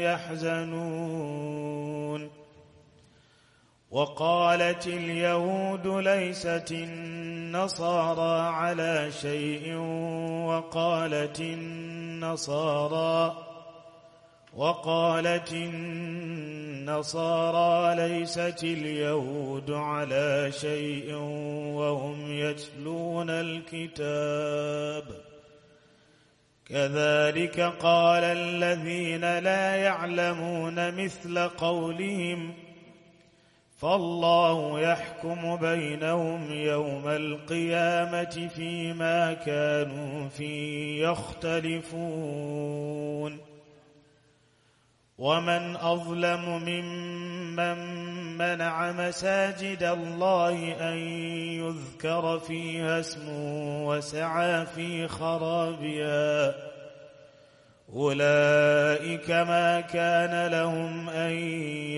يحزنون وقالت اليهود ليست النصارى على شيء وقالت النصارى وقالت النصارى ليست اليهود على شيء وهم يتلون الكتاب كذلك قال الذين لا يعلمون مثل قولهم فالله يحكم بينهم يوم القيامة فيما كانوا فيه يختلفون ومن أظلم ممن منع مساجد الله أن يذكر فيها اسمه وسعى في خرابها أولئك ما كان لهم أن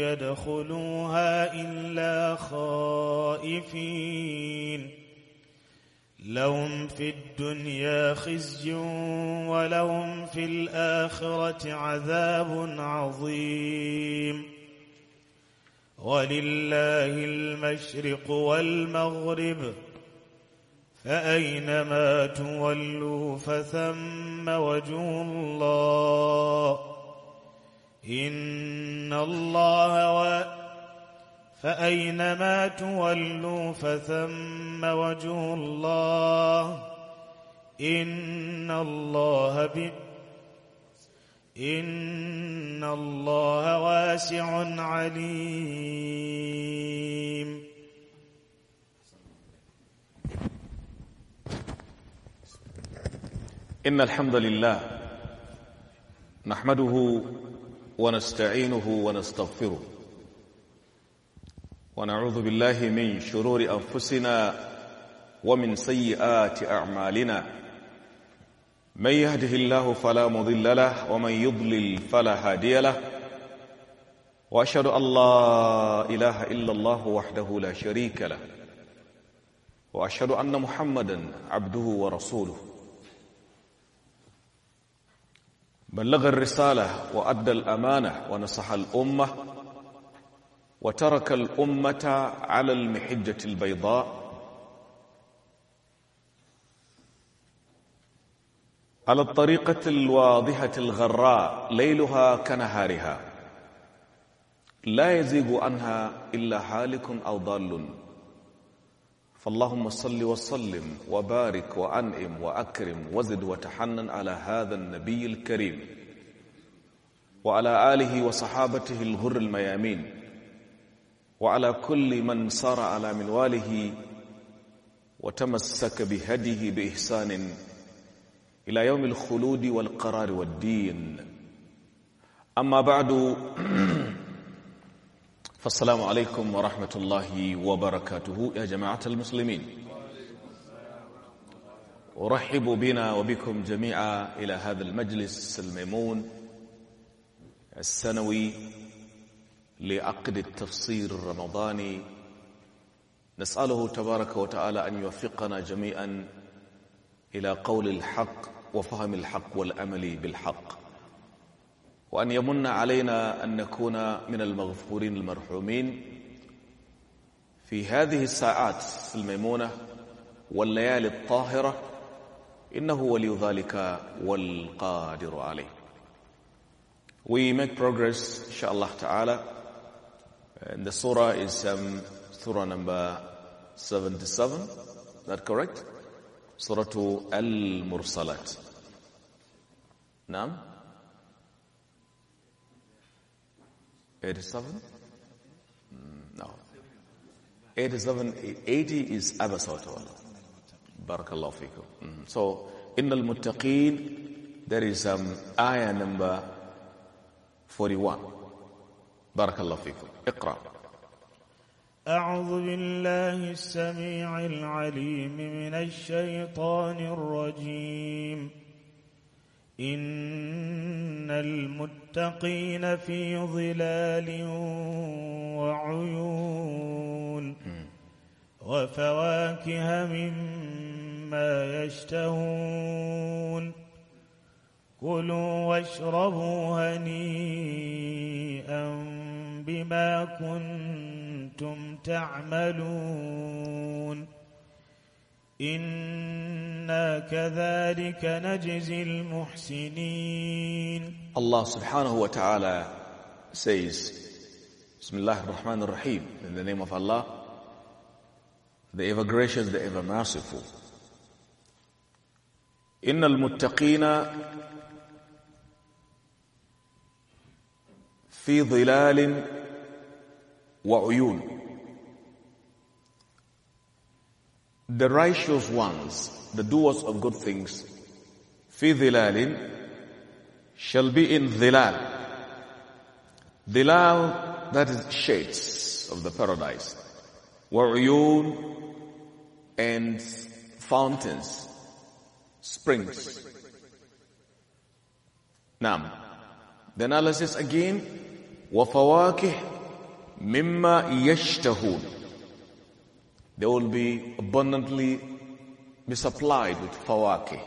يدخلوها إلا خائفين لهم في الدنيا خزي ولهم في الآخرة عذاب عظيم ولله المشرق والمغرب فأينما تولوا فثم وجه الله إن الله و... فأينما تولوا فثم وجه الله إن الله بئ إن الله واسع عليم إن الحمد لله نحمده ونستعينه ونستغفره ونعوذ بالله من شرور أنفسنا ومن سيئات أعمالنا من يهده الله فلا مضل له ومن يضلل فلا هادي له واشهد ان لا اله الا الله وحده لا شريك له واشهد ان محمدا عبده ورسوله بلغ الرساله وادى الامانه ونصح الامه وترك الامه على المحجه البيضاء على الطريقة الواضحة الغراء ليلها كنهارها لا يزيغ عنها إلا هالك أو ضال فاللهم صل وسلم وبارك وأنعم وأكرم وزد وتحنن على هذا النبي الكريم وعلى آله وصحابته الغر الميامين وعلى كل من سار على منواله وتمسك بهديه بإحسان إلى يوم الخلود والقرار والدين أما بعد فالسلام عليكم ورحمة الله وبركاته يا جماعة المسلمين أرحب بنا وبكم جميعا إلى هذا المجلس الميمون السنوي لعقد التفسير الرمضاني نسأله تبارك وتعالى أن يوفقنا جميعا إلى قول الحق وفهم الحق والأمل بالحق وأن يمن علينا أن نكون من المغفورين المرحومين في هذه الساعات الميمونة والليالي الطاهرة إنه ولي ذلك والقادر عليه We make progress, inshallah ta'ala. And the surah is um, surah number 77. Is that correct? Suratu Al-Mursalat. Nam? 87? No. 87, 80 is Abba Sawatawala. Barakallahu fikum. Mm. So, Innal Muttaqeen, there is um, ayah number 41. Barakallahu fikum. Iqra. أعوذ بالله السميع العليم من الشيطان الرجيم إن المتقين في ظلال وعيون وفواكه مما يشتهون كلوا واشربوا هنيئا بما كنتم كنتم تعملون إنا كذلك نجزي المحسنين الله سبحانه وتعالى says بسم الله الرحمن الرحيم in the name of Allah the ever gracious, the ever merciful. إن المتقين في ظلال وعيون The righteous ones, the doers of good things, في ظلال shall be in dhilal. Dhilal, that is shades of the paradise. Wa'uyun and fountains, springs. Now, the analysis again. وَفَوَاكِهِ Mimma yashtahun. They will be abundantly misapplied with fawaki,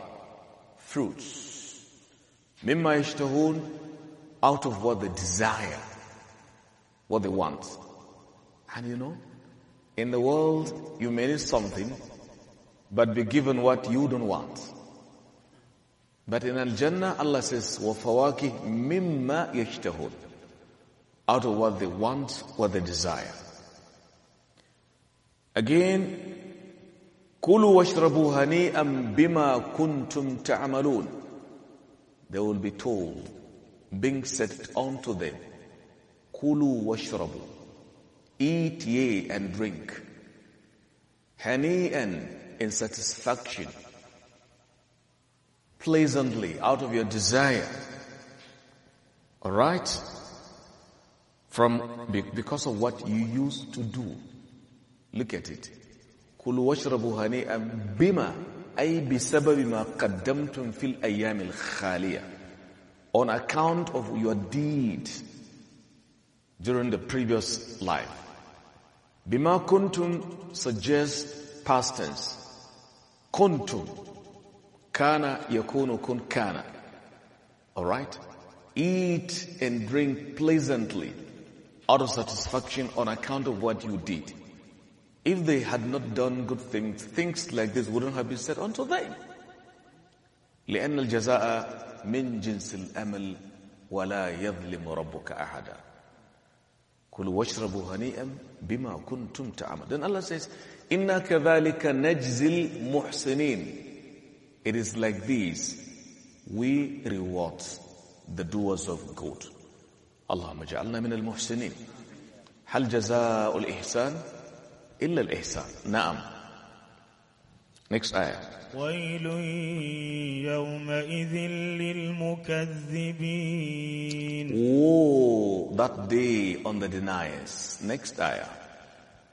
fruits. Mimma yashtahun, out of what they desire, what they want. And you know, in the world, you may need something, but be given what you don't want. But in Al-Jannah, Allah says, وَفَوَاكِهْ مِمَّا يَشْتَهُونَ out of what they want, what they desire. Again, كُلُوا وَاشْرَبُوا هَنِيئًا بِمَا كُنْتُمْ تَعْمَلُونَ They will be told, being set unto them, كُلُوا وَاشْرَبُوا Eat ye and drink. هَنِيئًا in satisfaction. Pleasantly, out of your desire. Alright? from because of what you used to do. Look at it. كُلُوا وَاشْرَبُوا هَنِيئًا بِمَا أي بسبب ما قدمتم في الأيام الخالية on account of your deed during the previous life. بما كنتم suggests past tense. كنتم كان يكون كن كان. Alright? Eat and drink pleasantly out of satisfaction on account of what you did. If they had not done good things, things like this wouldn't have been said unto them. لأن الجزاء من جنس الأمل ولا يظلم ربك أحدا كل واشربوا هنيئا بما كنتم تَعْمَلُونَ. Then Allah says إنا كذلك نجزي المحسنين It is like this we reward the doers of good اللهم اجعلنا من المحسنين هل جزاء الإحسان إلا الإحسان نعم next ayah ويل يومئذ للمكذبين Oh, that day on the deniers next ayah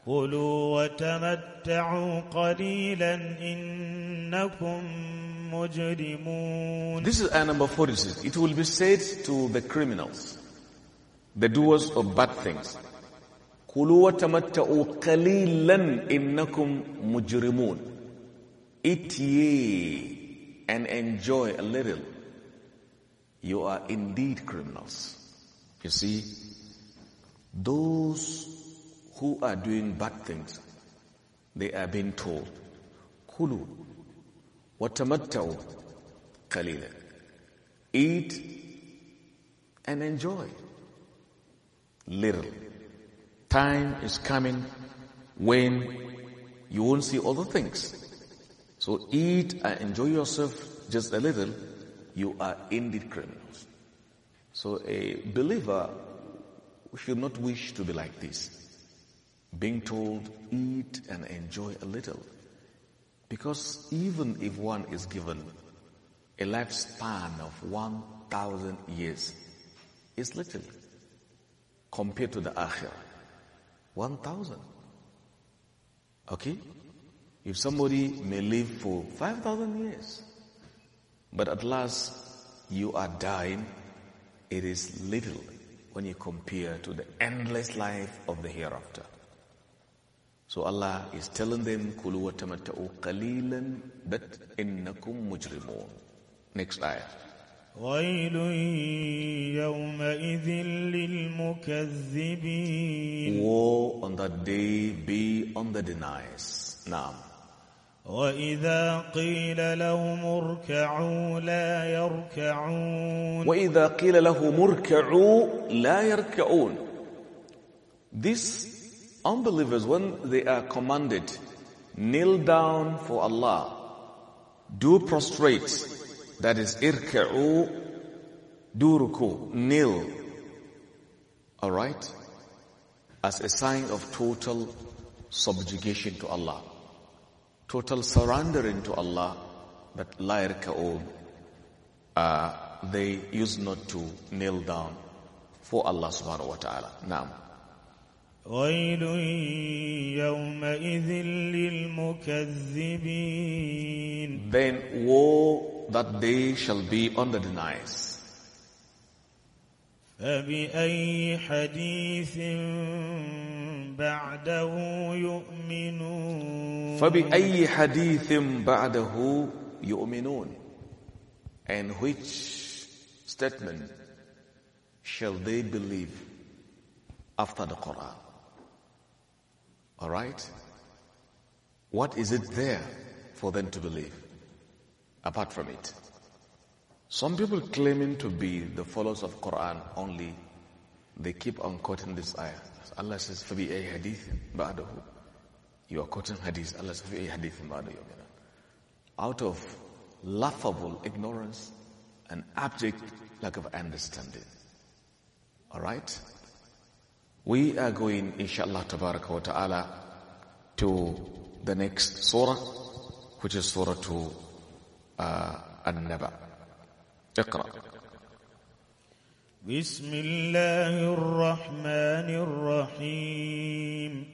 كلوا وتمتعوا قليلا إنكم مجرمون This is ayah number 46. It will be said to the criminals. the doers of bad things. كُلُوا وَتَمَتَّعُوا قَلِيلًا إِنَّكُمْ مُجْرِمُونَ Eat ye and enjoy a little. You are indeed criminals. You see, those who are doing bad things, they are being told, Kulu, watamattau, kalila. Eat and enjoy little. Time is coming when you won't see all the things. So eat and enjoy yourself just a little. You are indeed criminals. So a believer should not wish to be like this. Being told, eat and enjoy a little. Because even if one is given a lifespan of 1,000 years, it's little compared to the akhirah? 1,000. Okay? If somebody may live for 5,000 years, but at last you are dying, it is little when you compare to the endless life of the hereafter. So Allah is telling them, قُلُوا وَتَمَتَّعُوا قَلِيلًا بَتْ إِنَّكُمْ مُجْرِمُونَ Next ayah. ويل يومئذ للمكذبين Woe on that day be on the deniers. نعم. وإذا قيل لهم اركعوا لا يركعون وإذا قيل لهم اركعوا لا يركعون These unbelievers when they are commanded kneel down for Allah do prostrate That is irka'u duruku, kneel. Alright? As a sign of total subjugation to Allah. Total surrendering to Allah. But la irka'u, uh, they used not to kneel down for Allah subhanahu wa ta'ala. Naam. ويل يومئذ للمكذبين Then woe that they shall be on the deniers. فبأي حديث بعده يؤمنون فبأي حديث بعده يؤمنون And which statement shall they believe after the Quran? Alright? What is it there for them to believe apart from it? Some people claiming to be the followers of Quran only, they keep on quoting this ayah. Allah says, a hadith بَعْدَهُ You are quoting hadith. Allah says, a hadith بَعْدَهُ Out of laughable ignorance and abject lack of understanding. Alright? We are going, inshallah, tabarak wa ta'ala, to the next surah, which is surah to uh, An-Naba. Iqra. بسم الله الرحمن الرحيم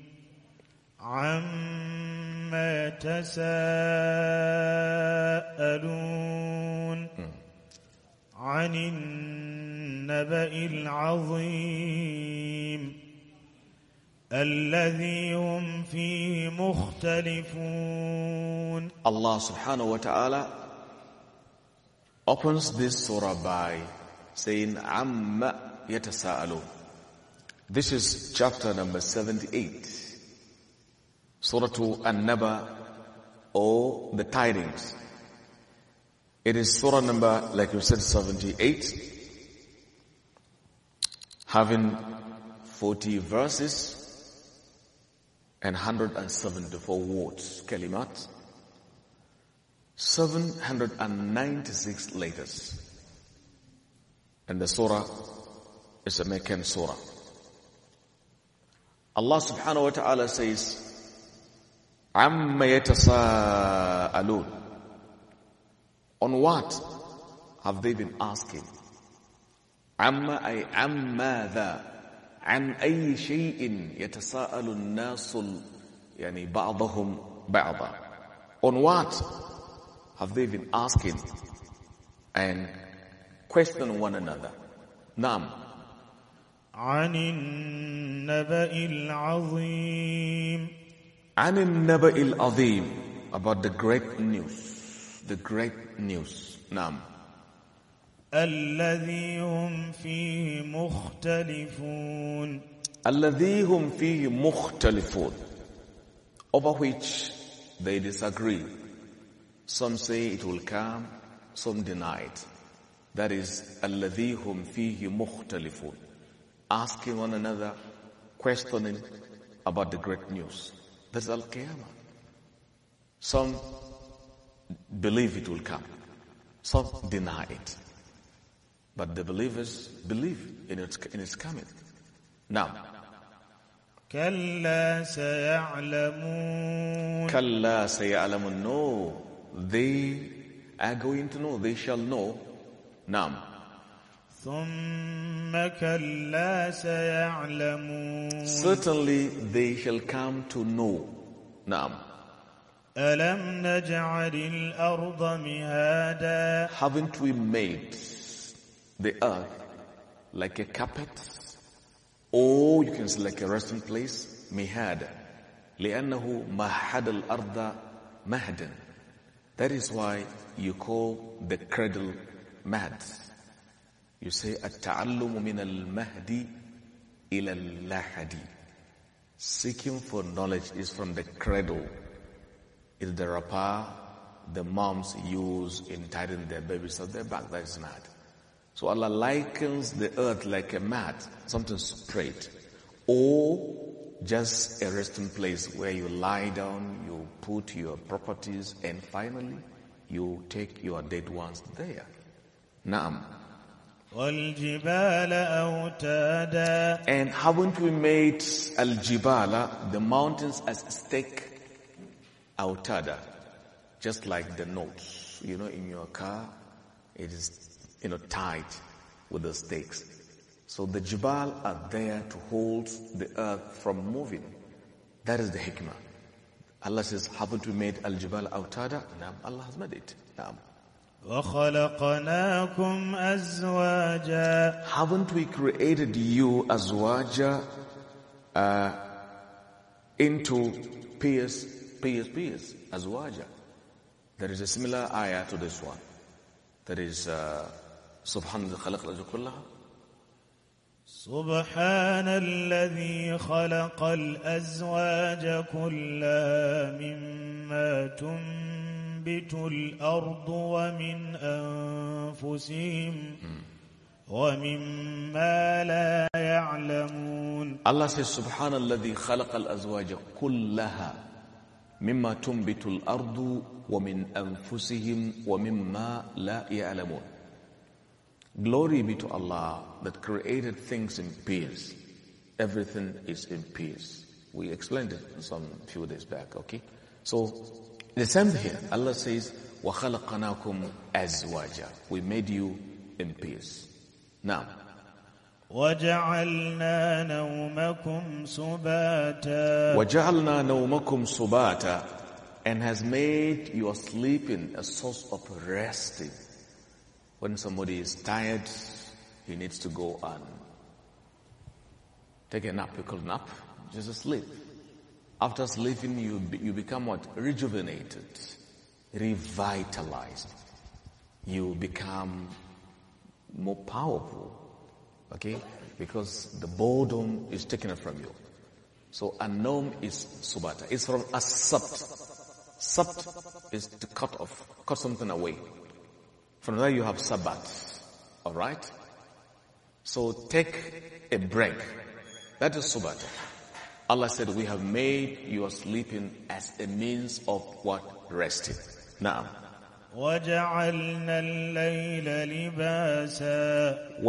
عما يتساءلون عن النبأ العظيم الذي هم فيه مختلفون Allah subhanahu wa ta'ala opens this surah by saying amma yatasaalu This is chapter number 78 Surah An-Naba or the tidings It is surah number like you said 78 having 40 verses and 174 words, kalimat, 796 letters. And the surah is a Meccan surah. Allah subhanahu wa ta'ala says, عَمَّ يَتَسَاءَلُونَ On what have they been asking? عَمَّ أي عَمَّ ذَا عن أي شيء يتساءل الناس يعني بعضهم بعضا on what have they been asking and question one another نعم عن النبأ العظيم عن النبأ العظيم about the great news the great news نعم الذي هم فيه مختلفون الذي هم فيه مختلفون over which they disagree some say it will come some deny it that is الذي هم فيه مختلفون asking one another questioning about the great news that's al-qiyamah some believe it will come some deny it But the believers believe in its, in its coming. Now. كلا سيعلمون كلا سيعلمون No. They are going to know. They shall know. Nam. ثم كلا سيعلمون Certainly they shall come to know. Nam. ألم نجعل الأرض مهادا Haven't we made the earth like a carpet, or you can say like a resting place, mihada. mahad al arda مهدا. That is why you call the cradle mad. You say al-mahdi ila al اللحدي. Seeking for knowledge is from the cradle. Is the rapa the moms use in tying their babies on their back. That is mad. So Allah likens the earth like a mat, something spread, or just a resting place where you lie down, you put your properties, and finally you take your dead ones there. Naam. And haven't we made Al Jibala, the mountains, as a stake? outada, Just like the notes. You know, in your car, it is you know, tied with the stakes. So the Jibal are there to hold the earth from moving. That is the hikmah. Allah says, haven't we made al-jibal autada? Naam, Allah has made it. Naam. وَخَلَقْنَاكُمْ أَزْوَاجًا Haven't we created you, azwaja, uh, into peers, peers, peers, azwaja? There is a similar ayah to this one. There is. Uh, سبحان الذي خلق الأرض كلها سبحان الذي خلق الأزواج كلها مما تنبت الأرض ومن أنفسهم ومما لا يعلمون الله says سبحان الذي خلق الأزواج كلها مما تنبت الأرض ومن أنفسهم ومما لا يعلمون Glory be to Allah that created things in peace. Everything is in peace. We explained it some few days back, okay? So, the same here. Allah says, وَخَلَقَنَاكُمْ أَزْوَاجًا We made you in peace. Now, وَجَعَلْنَا نَوْمَكُمْ سُبَاتًا وَجَعَلْنَا نَوْمَكُمْ سُبَاتًا And has made your sleeping a source of resting. When somebody is tired, he needs to go and take a nap. You call nap, just sleep. After sleeping, you, you become what? Rejuvenated, revitalized. You become more powerful. Okay? Because the boredom is taken from you. So anom is subata. It's from accept. Sub is to cut off, cut something away. From there you have Sabbath. Alright? So take a break. That is Sabbath. Allah said, we have made your sleeping as a means of what? Resting. Now. وجعلنا الليل لباسا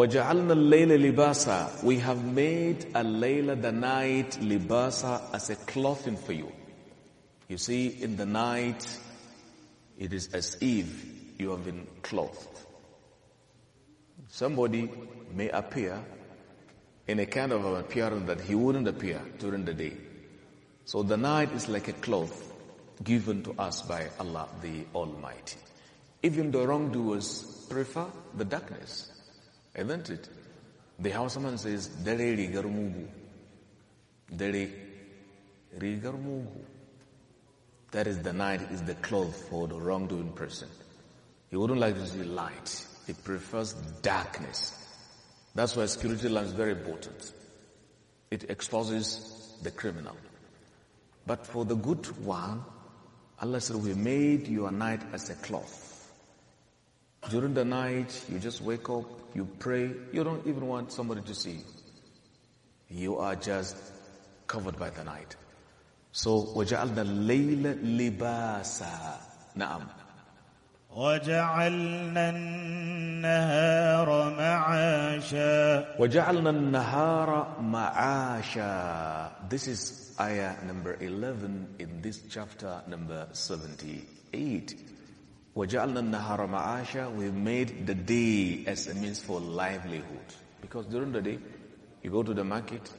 We have made a layla the night libasa as a clothing for you. You see, in the night, it is as Eve you have been clothed. Somebody may appear in a kind of an appearance that he wouldn't appear during the day. So the night is like a cloth given to us by Allah the Almighty. Even the wrongdoers prefer the darkness, isn't it? The houseman says, Dere rigar mugu. Dere rigar mugu. That is the night is the cloth for the wrongdoing person. He wouldn't like to see light. He prefers darkness. That's why security line is very important. It exposes the criminal. But for the good one, Allah said, we made your night as a cloth. During the night, you just wake up, you pray, you don't even want somebody to see you. You are just covered by the night. So, وَجَعَلْنَا اللَّيْلَ لِبَاسًا Naam. وجعلنا النهار معاشا وجعلنا النهار معاشا This is ayah number 11 in this chapter number 78 وجعلنا النهار معاشا We made the day as a means for livelihood Because during the day you go to the market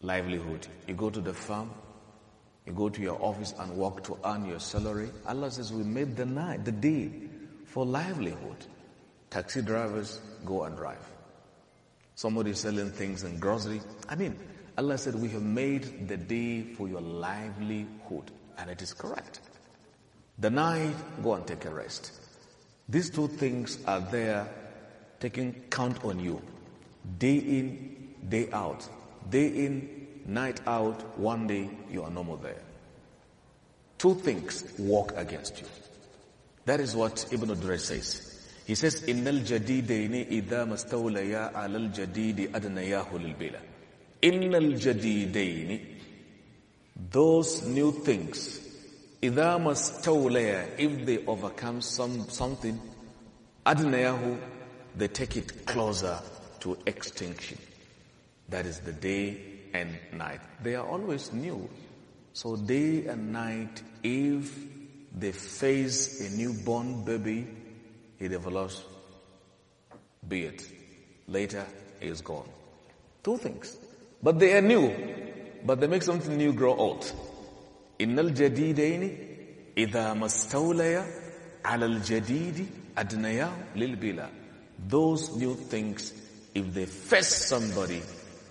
livelihood you go to the farm You go to your office and work to earn your salary. Allah says, we made the night, the day for livelihood. Taxi drivers go and drive. Somebody selling things in grocery. I mean, Allah said, we have made the day for your livelihood. And it is correct. The night, go and take a rest. These two things are there taking count on you. Day in, day out. Day in, night out, one day, you are normal there. Two things work against you. That is what Ibn Duraj says. He says, Innal jadidaini idha mastawlaya al jadidi adnayahu lilbila. al jadidaini. Those new things, idha mastawlaya, if they overcome some, something, adnayahu, they take it closer to extinction. That is the day and night. They are always new. So day and night, if they face a newborn baby, he develops beard. Later, he is gone. Two things. But they are new. But they make something new grow old. إن الجديدين إذا ما al jadidi adnaya lil للبلا. Those new things, if they face somebody,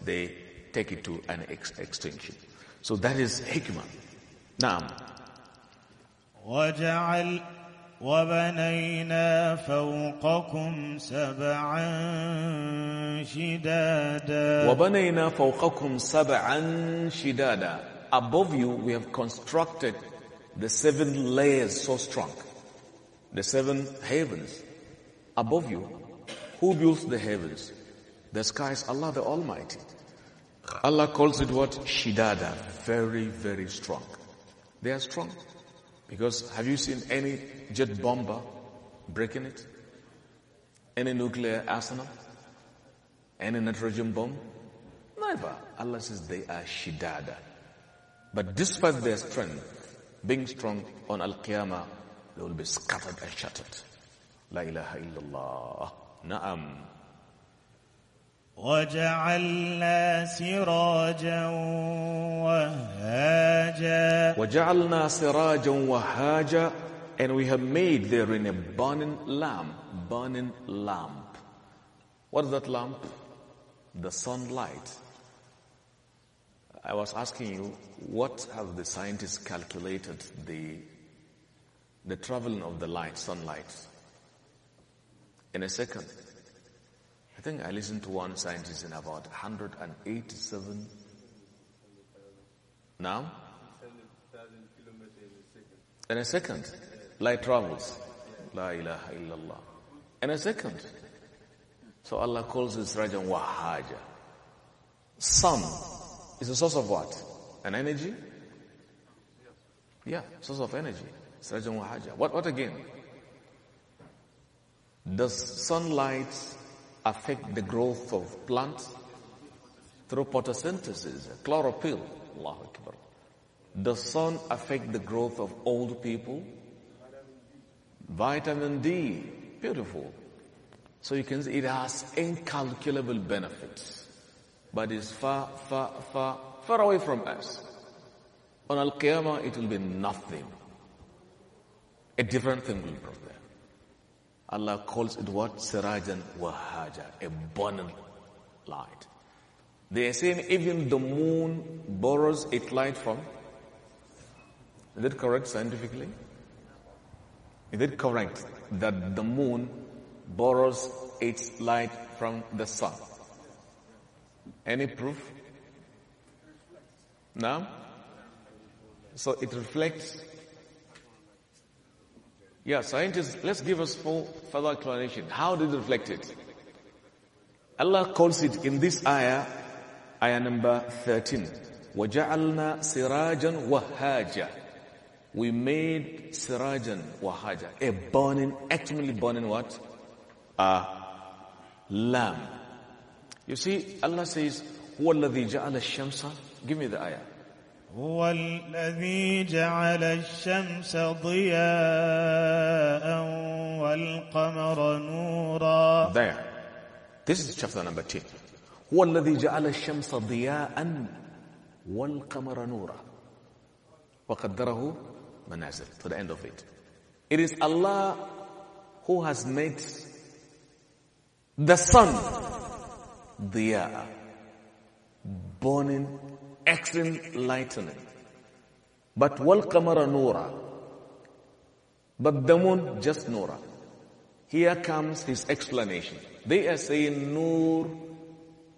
they take it to an ex extinction. So that is hikmah. Naam. وجعل وبنينا فوقكم سبعا شدادا وبنينا فوقكم سبعا شدادا Above you we have constructed the seven layers so strong. The seven heavens. Above you, who builds the heavens? The sky is Allah the Almighty. Allah calls it what? Shidada. Very, very strong. They are strong. Because have you seen any jet bomber breaking it? Any nuclear arsenal? Any nitrogen bomb? Never. Allah says they are shidada. But despite their strength, being strong on Al-Qiyamah, they will be scattered and shattered. La ilaha illallah. Naam. وجعلنا سراجا وهاجا وجعلنا سراجا وهاجا and we have made therein a burning lamp burning lamp what is that lamp the sunlight i was asking you what have the scientists calculated the the traveling of the light sunlight in a second I think I listened to one scientist in about 187 now? In a second. Light travels. La ilaha illallah. In a second. So Allah calls this Rajan Wahaja. Sun is a source of what? An energy? Yeah, source of energy. It's Rajan Wahaja. What, what again? Does sunlight affect the growth of plants through photosynthesis, chlorophyll. Allahu Akbar. Does sun affect the growth of old people? Vitamin D, beautiful. So you can see it has incalculable benefits, but it's far, far, far, far away from us. On Al Qiyamah, it will be nothing. A different thing will be there. Allah calls it what? Sirajan Wahaja, a burning light. They are saying even the moon borrows its light from. Is that correct scientifically? Is it correct that the moon borrows its light from the sun? Any proof? No? So it reflects yeah, scientists, let's give us full further explanation. How did it reflect it? Allah calls it in this ayah, ayah number 13. وَجَعَلْنَا سِرَاجًا وَهَاجًا We made sirajan wahaja, a burning, actually burning what? A lamb. You see, Allah says, Give me the ayah. هو الذي جعل الشمس ضياء والقمر نورا There. This is chapter number 10. هو الذي جعل الشمس ضياء والقمر نورا وقدره منازل to the end of it. It is Allah who has made the sun ضياء burning excellent lightening. But wal qamara nura. But the moon just nura. Here comes his explanation. They are saying nur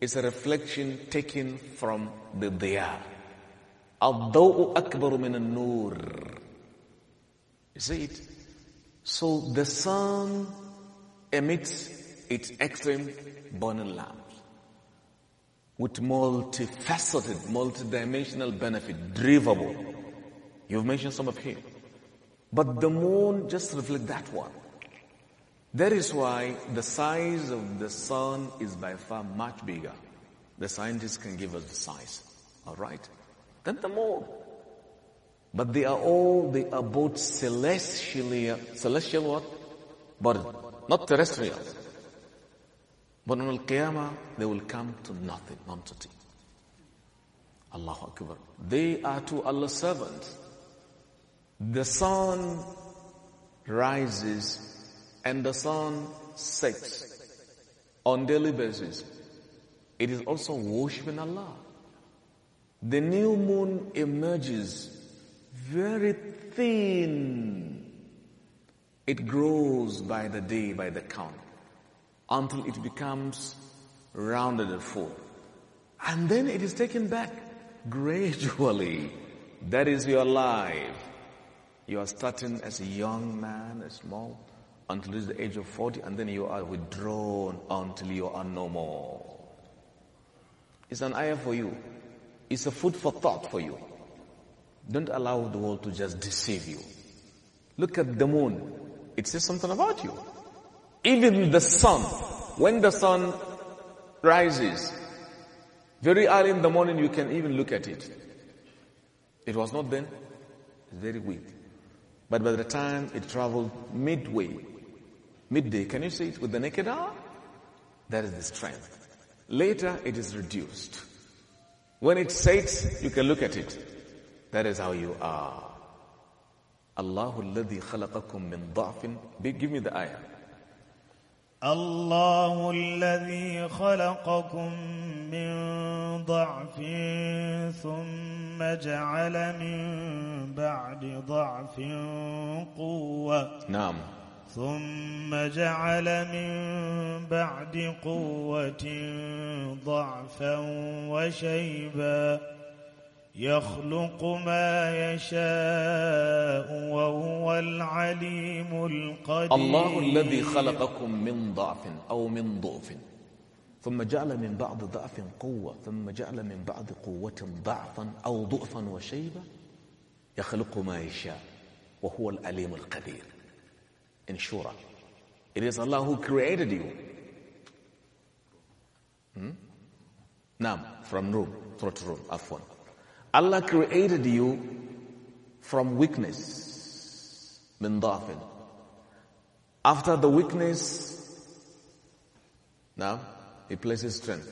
is a reflection taken from the Daya. Al-daw'u akbaru min al-nur. see it? So the sun emits its extreme burning lamp with multifaceted, multidimensional benefit, drivable. You've mentioned some of him, But the moon just reflects that one. That is why the size of the sun is by far much bigger. The scientists can give us the size, all right, than the moon. But they are all, they are both celestial, celestial what? But not terrestrial. But on Al Qiyamah, they will come to nothing, nonentity. Allahu Akbar. They are to Allah's servants. The sun rises and the sun sets on daily basis. It is also worshipping Allah. The new moon emerges very thin. It grows by the day, by the count until it becomes rounded and full. And then it is taken back gradually. That is your life. You are starting as a young man, a small, until the age of 40, and then you are withdrawn until you are no more. It's an ayah for you. It's a food for thought for you. Don't allow the world to just deceive you. Look at the moon. It says something about you. Even the sun, when the sun rises, very early in the morning you can even look at it. It was not then, it's very weak. But by the time it traveled midway, midday, can you see it with the naked eye? That is the strength. Later it is reduced. When it sets, you can look at it. That is how you are. Allah alladhi khalaqakum min dha'fin. Give me the ayah. الله الذي خلقكم من ضعف ثم جعل من بعد ضعف قوة نعم ثم جعل من بعد قوة ضعفا وشيبا يخلق ما يشاء وهو العليم القدير الله الذي خلقكم من ضعف أو من ضعف ثم جعل من بعض ضعف قوة ثم جعل من بعض قوة ضعفا أو ضعفا وشيبة يخلق ما يشاء وهو العليم القدير in Shura it is Allah who created you hmm? now from room throat room afwan Allah created you from weakness. Min dhafin. After the weakness, now he places strength.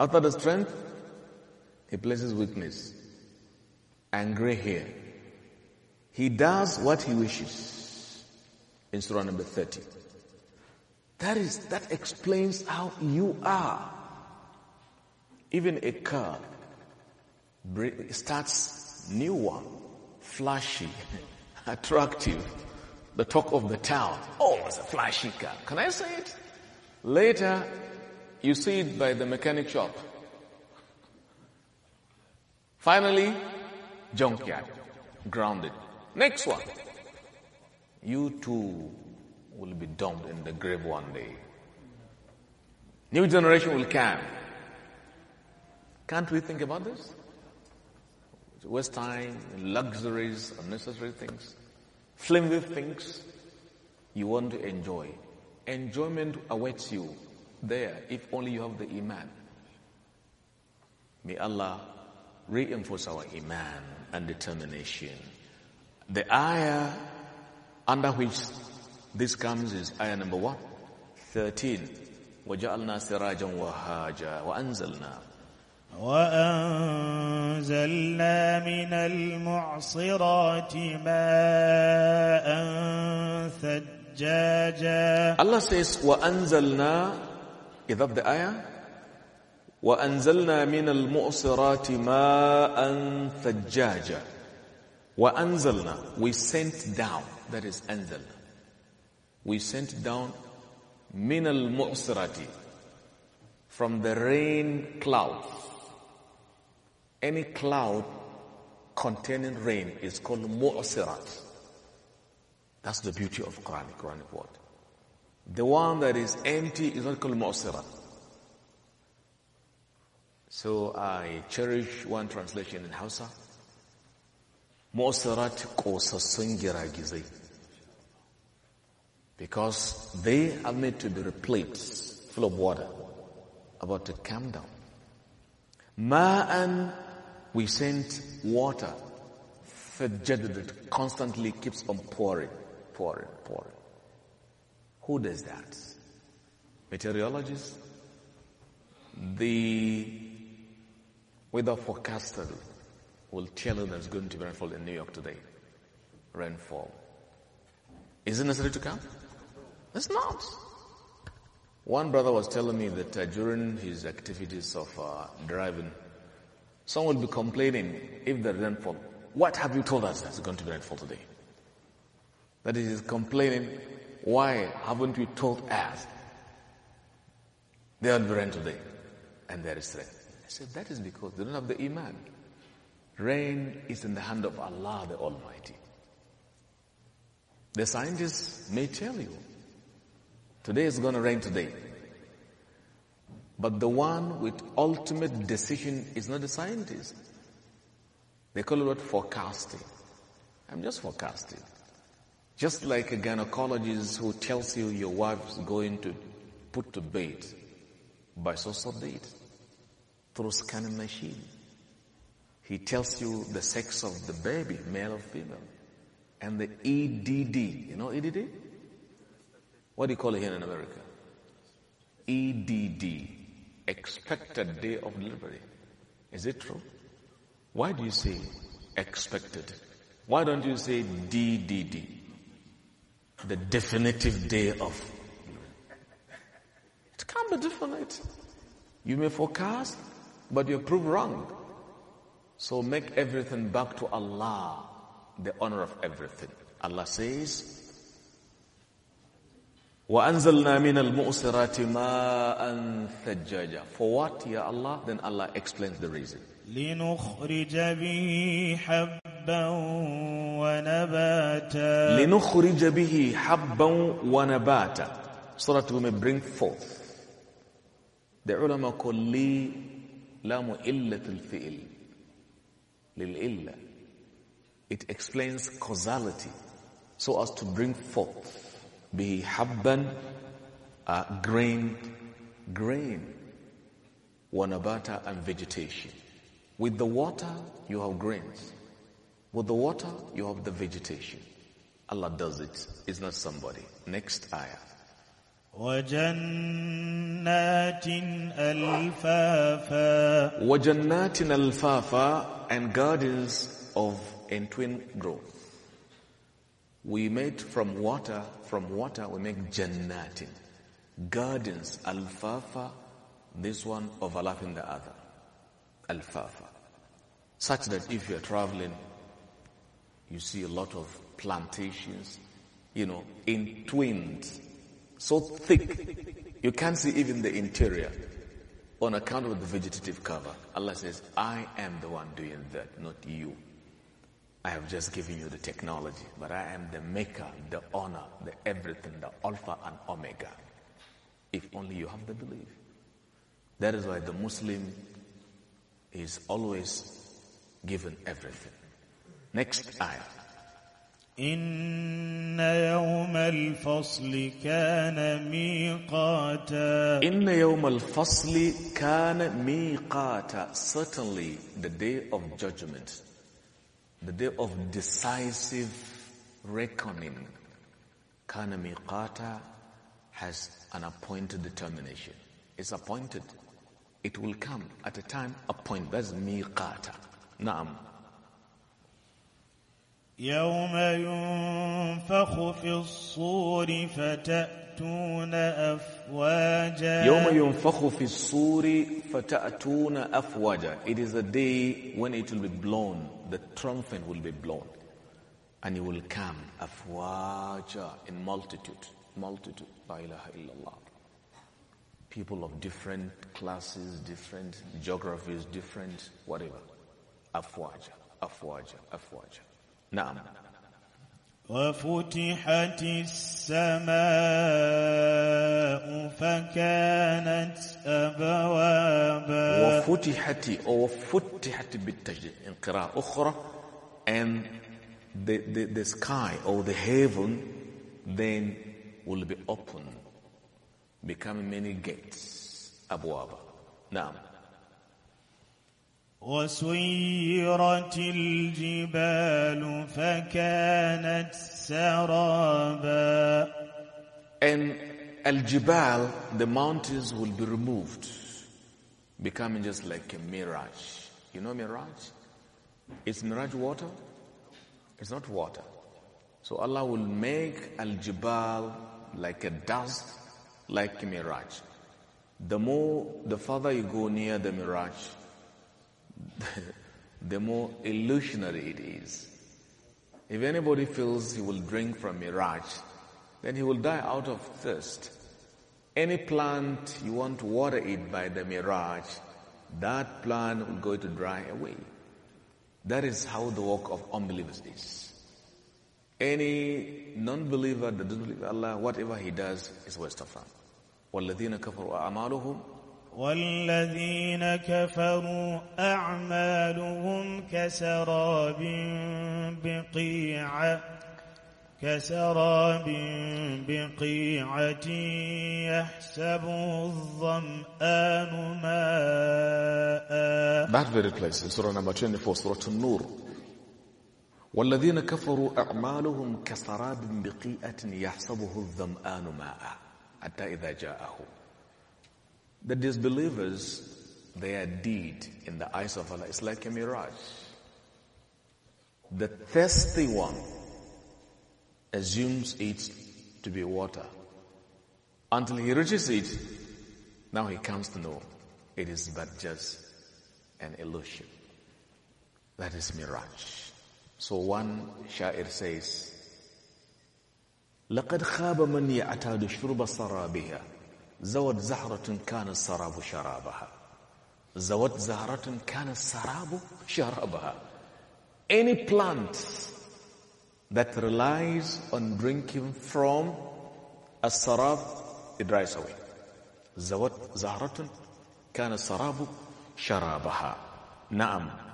After the strength, he places weakness and gray hair. He does what he wishes in Surah number 30. That is, that explains how you are. Even a car starts new one, flashy, attractive. The talk of the town. Oh, it's a flashy car. Can I say it? Later, you see it by the mechanic shop. Finally, junkyard, grounded. Next one. You too will be dumped in the grave one day. New generation will come. Can't we think about this? To waste time in luxuries, unnecessary things, flimsy things you want to enjoy. Enjoyment awaits you there if only you have the Iman. May Allah reinforce our Iman and determination. The ayah under which this comes is ayah number one, 13. وَجَعَلْنَا سِرَاجًا وَهَاجًا وَأَنزَلْنَا وأنزلنا من المعصرات ماء ثجاجا Allah says وأنزلنا إذا إيه بدأ آية وأنزلنا من المعصرات ماء ثجاجا وأنزلنا we sent down that is أنزلنا we sent down من المعصرات from the rain clouds Any cloud containing rain is called mu'asirat. That's the beauty of Quranic Quranic word. The one that is empty is not called mu'asirat. So I cherish one translation in Hausa. Mu'asirat qosassun giragizai. Because they are made to be replete, full of water, about to come down. Ma'an we sent water. Fajjadadat constantly keeps on pouring, pouring, pouring. Who does that? Meteorologists? The weather forecaster will tell you there's going to be rainfall in New York today. Rainfall. Is it necessary to come? It's not. One brother was telling me that uh, during his activities of uh, driving, Someone will be complaining if no rainfall. What have you told us that is going to be rainfall today? That is complaining, why haven't you told us there will be rain today? And there is rain. I said, that is because they don't have the iman. Rain is in the hand of Allah the Almighty. The scientists may tell you, today is going to rain today. But the one with ultimate decision is not a scientist. They call it what? Forecasting. I'm just forecasting. Just like a gynecologist who tells you your wife is going to put to bed by so-so date through scanning machine. He tells you the sex of the baby, male or female, and the EDD. You know EDD? What do you call it here in America? EDD expected day of delivery. Is it true? Why do you say expected? Why don't you say DDD? The definitive day of. It can't be definite. You may forecast, but you're proved wrong. So make everything back to Allah, the owner of everything. Allah says, وَأَنزَلْنَا مِنَ الْمُؤْسِرَاتِ مَاءً ثَجَّاجًا For what, Ya Allah? Then Allah explains the reason. لِنُخْرِجَ بِهِ حَبًّا وَنَبَاتًا لِنُخْرِجَ بِهِ حَبًّا وَنَبَاتًا So that we may bring forth. The ulama call لي لام إلة الفئل للإلة. It explains causality so as to bring forth. be habban grain, grain, wanabata and vegetation. With the water, you have grains. With the water, you have the vegetation. Allah does it. It's not somebody. Next ayah. وَجَنَّاتٍ أَلْفَافًا وَجَنَّاتٍ أَلْفَافًا And gardens of entwined growth. We made from water, from water we make jannatin. Gardens, alfalfa, this one overlapping the other. Alfalfa. Such that if you're traveling, you see a lot of plantations, you know, intertwined, so thick, you can't see even the interior on account of the vegetative cover. Allah says, I am the one doing that, not you. I have just given you the technology, but I am the maker, the owner, the everything, the Alpha and Omega. If only you have the belief. That is why the Muslim is always given everything. Next ayah. إن يوم الفصل كان ميقاتا إن يوم الفصل كان ميقاتا Certainly the day of judgment the day of decisive reckoning. Kana miqata has an appointed determination. It's appointed. It will come at a time appointed. That's miqata. Naam. يوم ينفخ في الصور فتأتون أفواجا يوم ينفخ في الصور فتأتون أفواجا It is the day when it will be blown the trumpet will be blown and you will come afwaja in multitude multitude la ilaha illallah people of different classes different geographies different whatever afwaja afwaja afwaja naam وفتحت السماء فكانت أبوابا وفتحت أو فتحت بالتجديد إن قراءة أخرى and the, the, the sky or the heaven then will be open becoming many gates أبوابا نعم وسيرت الجبال فكانت سرابا And Al-Jibal, the mountains will be removed, becoming just like a mirage. You know mirage? It's mirage water? It's not water. So Allah will make Al-Jibal like a dust, like a mirage. The more, the further you go near the mirage, the more illusionary it is. If anybody feels he will drink from mirage, then he will die out of thirst. Any plant you want to water it by the mirage, that plant will go to dry away. That is how the work of unbelievers is. Any non-believer that doesn't believe Allah, whatever he does is waste of time. وَالَّذِينَ كَفَرُوا أَعْمَالُهُمْ والذين كفروا أعمالهم كسراب بقيعة كسراب بقيعة يحسبه الظمآن ماء That very place in Surah number 24, Surah An-Nur. والذين كفروا أعمالهم كسراب بقيعة يحسبه الظمآن ماء حتى إذا جاءه The disbelievers, their deed in the eyes of Allah is like a mirage. The thirsty one assumes it to be water. Until he reaches it, now he comes to know it is but just an illusion. That is mirage. So one Sha'ir says, لقد خاب من يعتاد شرب سرابها زود زهرة كان السراب شرابها زود زهرة كان السراب شرابها any plant that relies on drinking from a sarab it dries away زود زهرة كان السراب شرابها نعم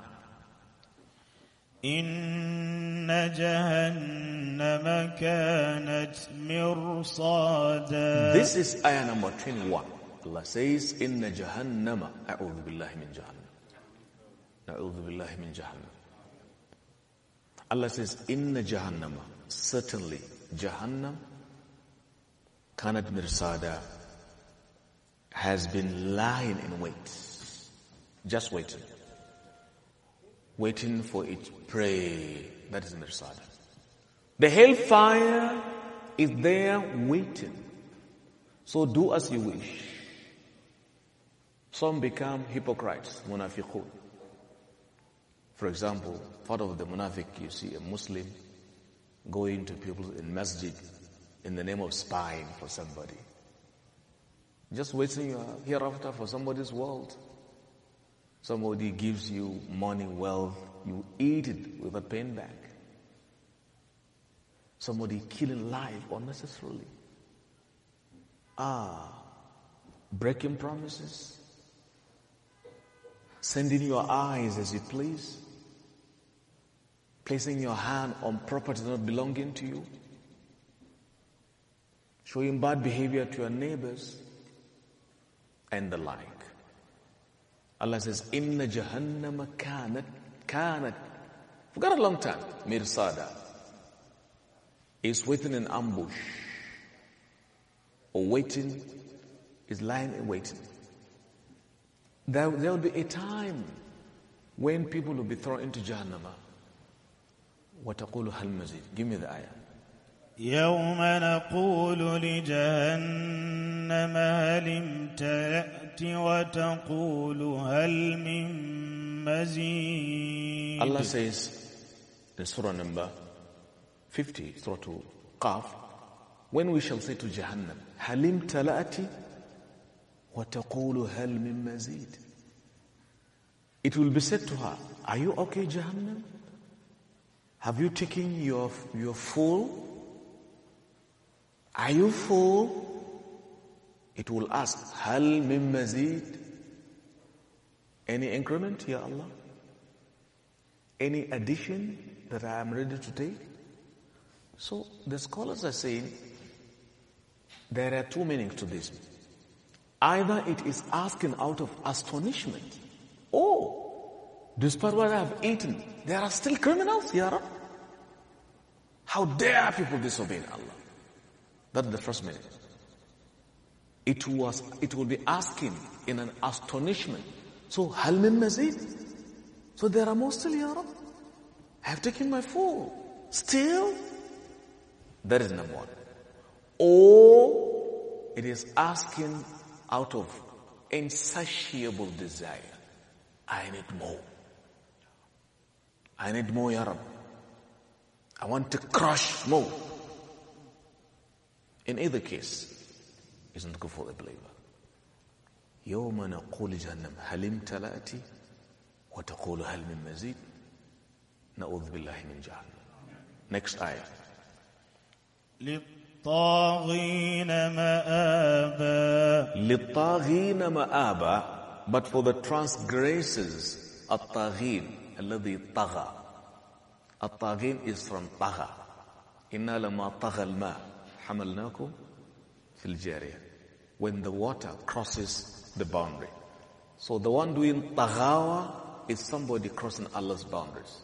إن جهنم كانت مرصادا This is ayah number 21. Allah says, إن جهنم أعوذ بالله من جهنم أعوذ بالله من جهنم Allah says, إن جهنم Certainly, Jahannam كانت مرصادا has been lying in wait. Just waiting waiting for its prey. That is in The hellfire is there waiting. So do as you wish. Some become hypocrites, munafiqun. For example, part of the munafiq, you see a Muslim going to people in masjid in the name of spying for somebody. Just waiting your uh, hereafter for somebody's world. Somebody gives you money, wealth, you eat it with a pain back. Somebody killing life unnecessarily. Ah, breaking promises, sending your eyes as you please, placing your hand on property not belonging to you, showing bad behavior to your neighbors, and the like. Allah says, Inna Jahannam, kanat, kanat. we a long time. Mirsada is waiting in ambush. Or waiting is lying in waiting. There, there will be a time when people will be thrown into What وتقول هل مزيد give me the ayah يوم نقول لجهنم جهنم علمت يأتي وتقول هل من مزيد الله says in surah number 50 surah to Qaf when we shall say to Jahannam هل امتلأت وتقول هل من مزيد it will be said to her are you okay Jahannam have you taken your your full are you full It will ask, Hal min mazid? Any increment, Ya Allah? Any addition that I am ready to take? So the scholars are saying there are two meanings to this. Either it is asking out of astonishment, oh, despite what I have eaten, there are still criminals, Ya Rab. How dare people disobey Allah? That's the first meaning it was it will be asking in an astonishment so hal min mazid so there are more still ya Rab. i have taken my full still that is number one or it is asking out of insatiable desire i need more i need more ya Rab. i want to crush more in either case isn't good for the believer. يوم نقول جهنم هل امتلأت وتقول هل من مزيد نعوذ بالله من جهنم next ayah للطاغين مآبا للطاغين مآبا but for the transgressors الطاغين الذي طغى الطاغين is from طغى إنا لما طغى الماء حملناكم في الجارية when the water crosses the boundary. So the one doing tagawa is somebody crossing Allah's boundaries.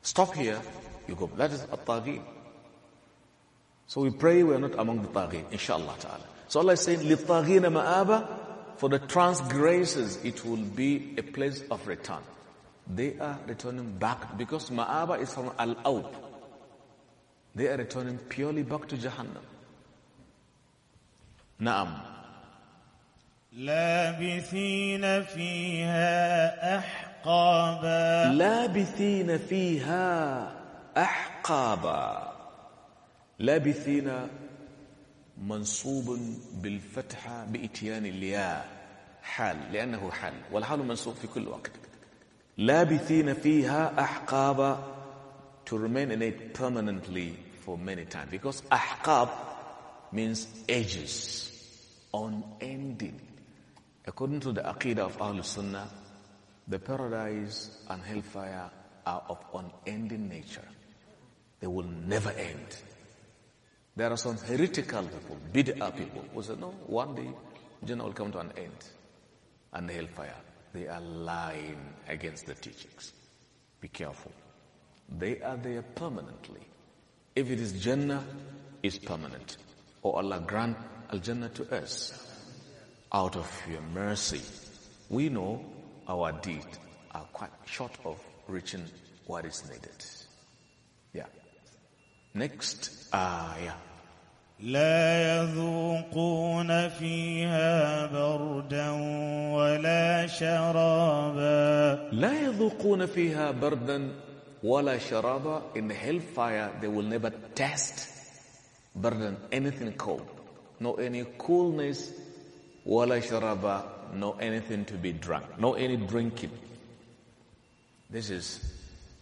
Stop here, you go. That is taghīn. So we pray we are not among the taghīn, inshallah ta'ala. So Allah is saying, لِلطَّاغِينَ مَآبَ For the transgressors, it will be a place of return. They are returning back because ma'aba is from al-awb. They are returning purely back to Jahannam. نعم لابثين فيها أحقابا لابثين فيها أحقابا لابثين منصوب بالفتحة بإتيان الياء حال لأنه حال والحال منصوب في كل وقت لابثين فيها أحقابا to remain in it permanently for many times because أحقاب means ages unending. According to the Aqidah of Ahlul Sunnah, the paradise and hellfire are of unending nature. They will never end. There are some heretical people, bid'ah people, who say, no, one day Jannah will come to an end. And hellfire, they are lying against the teachings. Be careful. They are there permanently. If it is Jannah, it's permanent. Or oh Allah grant Al Jannah to us out of your mercy. We know our deeds are quite short of reaching what is needed. Yeah. Next ayah. لا يذوقون فيها بردا ولا شرابا لا يذوقون فيها بردا ولا شرابا in the hellfire they will never taste burden anything cold no any coolness, wala sharaba, no anything to be drunk, no any drinking. This is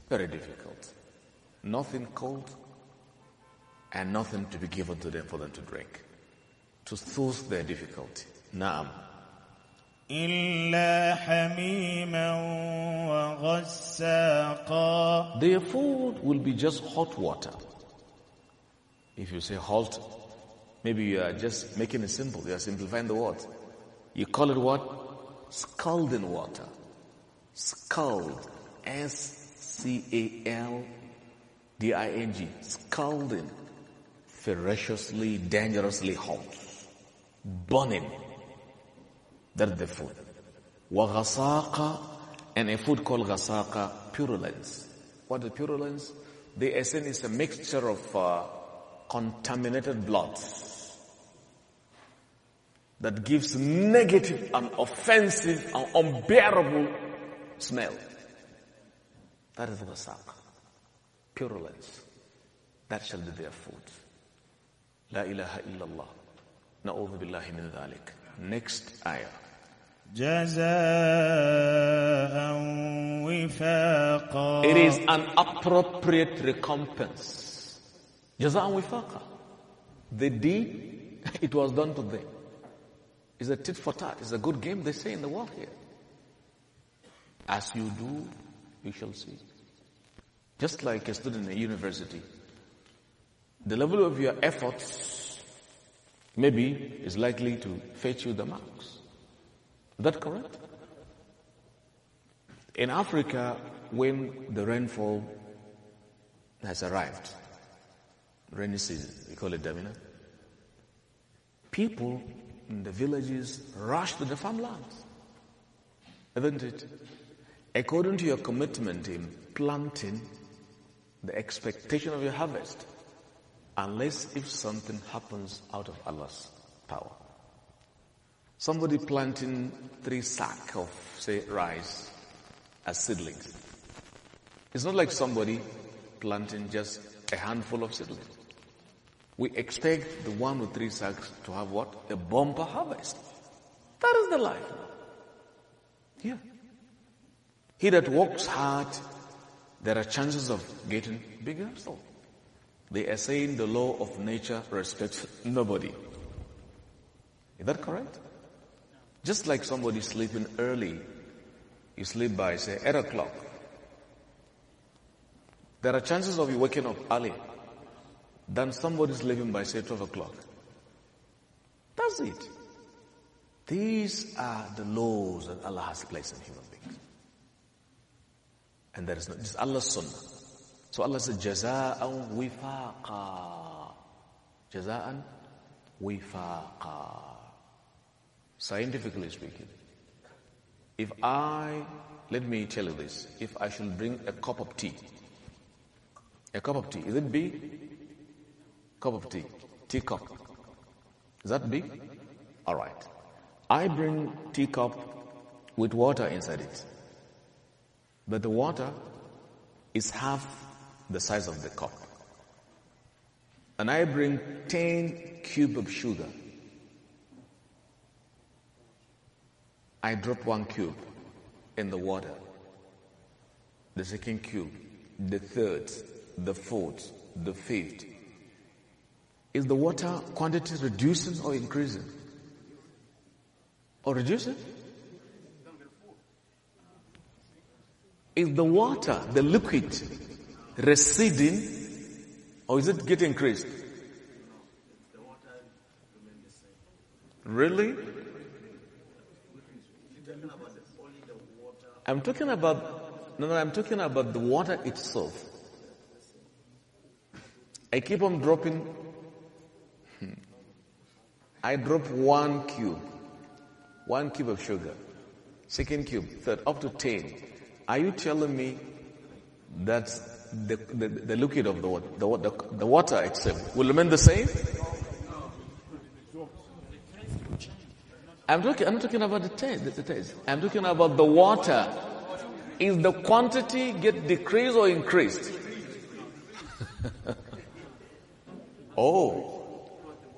very difficult. Nothing cold and nothing to be given to them for them to drink. To soothe their difficulty. Naam. إلا حميما Their food will be just hot water. If you say halt, Maybe you are just making it simple. You are simplifying the word. You call it what? Scalding water. Scald. S-C-A-L-D-I-N-G. Scalding. Ferociously, dangerously hot. Burning. That's the food. Wagasaka And a food called gasaka purulence. What is purulence? The essence is a mixture of uh, contaminated blood that gives negative and offensive and unbearable smell. That is wasaq, purulence. That shall be their food. La ilaha illallah. Na'udhu بالله من ذلك. Next ayah. It is an appropriate recompense Jaza'an wifaqa. The deed, it was done to them. It's a tit for tat. It's a good game, they say in the world here. As you do, you shall see. Just like a student in a university, the level of your efforts maybe is likely to fetch you the marks. Is that correct? In Africa, when the rainfall has arrived, rainy season. We call it Davina. People in the villages rush to the farmlands. Isn't it? According to your commitment in planting, the expectation of your harvest, unless if something happens out of Allah's power. Somebody planting three sack of, say, rice as seedlings. It's not like somebody planting just a handful of seedlings. We expect the one with three sacks to have what? A bumper harvest. That is the life. Yeah. He that works hard, there are chances of getting bigger still. They are saying the law of nature respects nobody. Is that correct? Just like somebody sleeping early, you sleep by, say, 8 o'clock. There are chances of you waking up early than somebody's leaving by say 12 o'clock. That's it. These are the laws that Allah has placed on human beings. And there is no, this is Allah's sunnah. So Allah says, Jaza'an wifaqa. Jaza'an wifaqa. Scientifically speaking, if I, let me tell you this, if I should bring a cup of tea, a cup of tea, is it B? Cup of tea. Teacup. Is that big? All right. I bring teacup with water inside it. But the water is half the size of the cup. And I bring 10 cube of sugar. I drop one cube in the water. The second cube, the third, the fourth, the fifth, is the water quantity reducing or increasing? Or reducing? Is the water, the liquid, receding or is it getting increased? Really? I'm talking about, no, no, I'm talking about the water itself. I keep on dropping I drop one cube, one cube of sugar, second cube, third, up to 10. Are you telling me that the, the, the liquid of the, the, the, the water itself will remain the same? I'm, talking, I'm not talking about the taste, the, the taste. I'm talking about the water. Is the quantity get decreased or increased? oh.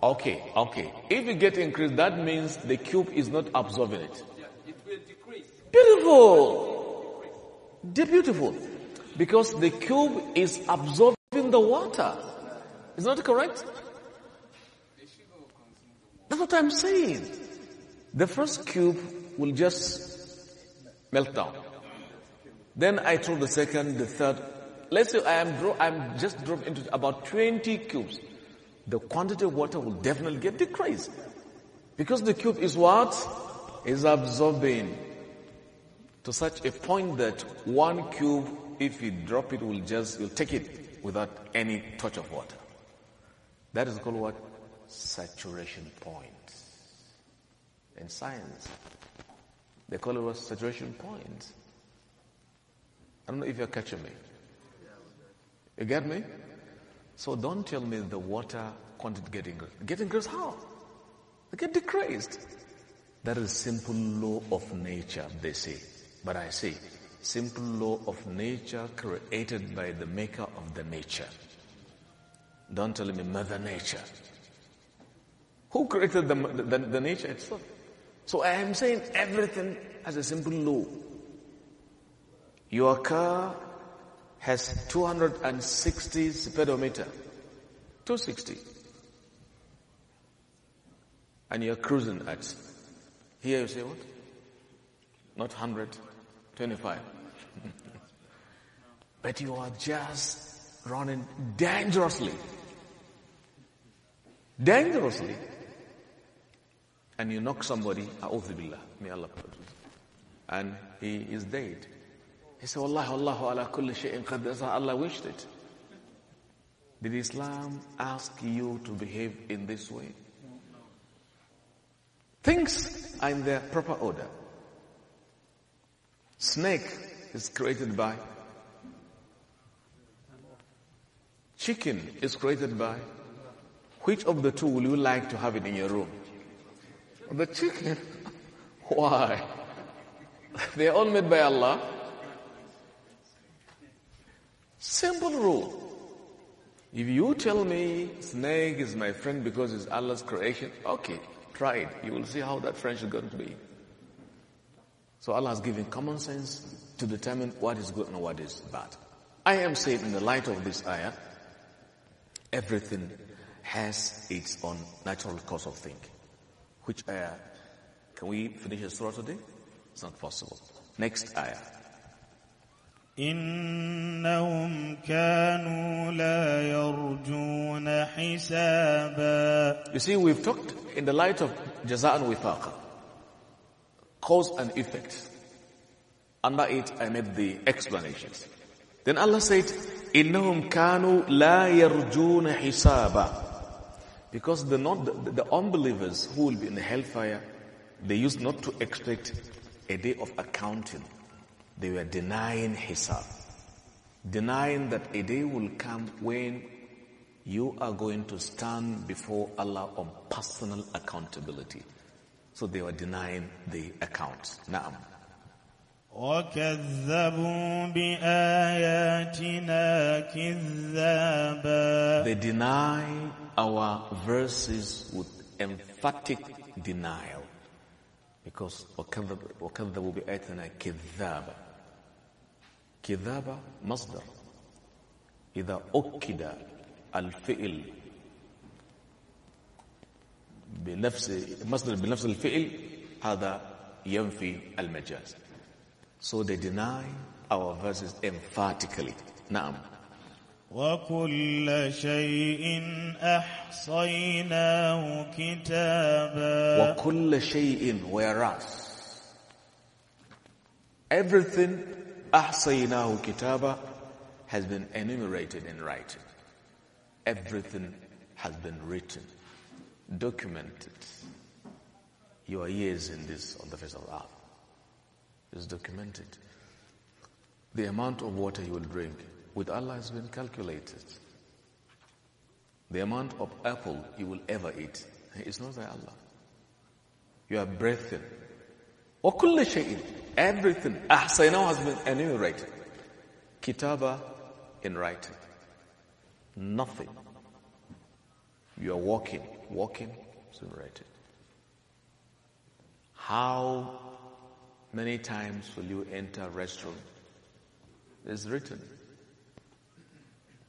Okay, okay. If you get increased, that means the cube is not absorbing it. it will decrease. Beautiful. Beautiful. Because the cube is absorbing the water. Is that correct? That's what I'm saying. The first cube will just melt down. Then I throw the second, the third. Let's say I am draw, I'm just dropped into about 20 cubes the quantity of water will definitely get decreased. Because the cube is what? Is absorbing to such a point that one cube, if you drop it, will just, you'll take it without any touch of water. That is called what? Saturation point. In science, they call it what? Saturation point. I don't know if you're catching me. You get me? So don't tell me the water quantity getting increased. Get increased how? They get decreased. That is simple law of nature, they say. But I say, simple law of nature created by the maker of the nature. Don't tell me mother nature. Who created the, the, the nature itself? So I am saying everything has a simple law. Your car has 260 speedometer. 260. And you're cruising at, here you say what? Not 125. but you are just running dangerously. Dangerously. And you knock somebody, A'udhu Billah, may Allah protect. And he is dead. He said, Wallahu, Allahu ala kulli shay'in qadir. Allah wished it. Did Islam ask you to behave in this way? Things are in their proper order. Snake is created by chicken is created by which of the two will you like to have it in your room? The chicken? Why? They are all made by Allah. Simple rule. If you tell me snake is my friend because it's Allah's creation, okay, try it. You will see how that friendship is going to be. So Allah has given common sense to determine what is good and what is bad. I am saying in the light of this ayah, everything has its own natural course of thing. Which ayah? Can we finish the surah today? It's not possible. Next ayah. إنهم كانوا لا يرجون حسابا You see, we've talked in the light of جزاء وفاقا cause and effect. Under it, I made the explanations. Then Allah said, إِنَّهُمْ كَانُوا لَا يَرْجُونَ حِسَابًا Because the, not, the, the unbelievers who will be in the hellfire, they used not to expect a day of accounting they were denying Hisab, denying that a day will come when you are going to stand before Allah on personal accountability. So they were denying the account. Naam. They deny our verses with emphatic denial because كذابة مصدر إذا أكد الفعل بنفس مصدر بنفس الفعل هذا ينفي المجاز So they deny our verses emphatically. نعم. وكل شيء أحصيناه كتابا وكل شيء whereas everything ahsaynahu kitaba has been enumerated in writing. Everything has been written, documented. Your years in this on the face of earth is documented. The amount of water you will drink with Allah has been calculated. The amount of apple you will ever eat is not by Allah. You are breathing وَكُلَّ شَيْءٍ Everything أحصيناه has been enumerated. Kitaba in writing. Nothing. You are walking, walking, enumerated. How many times will you enter restroom? It's written.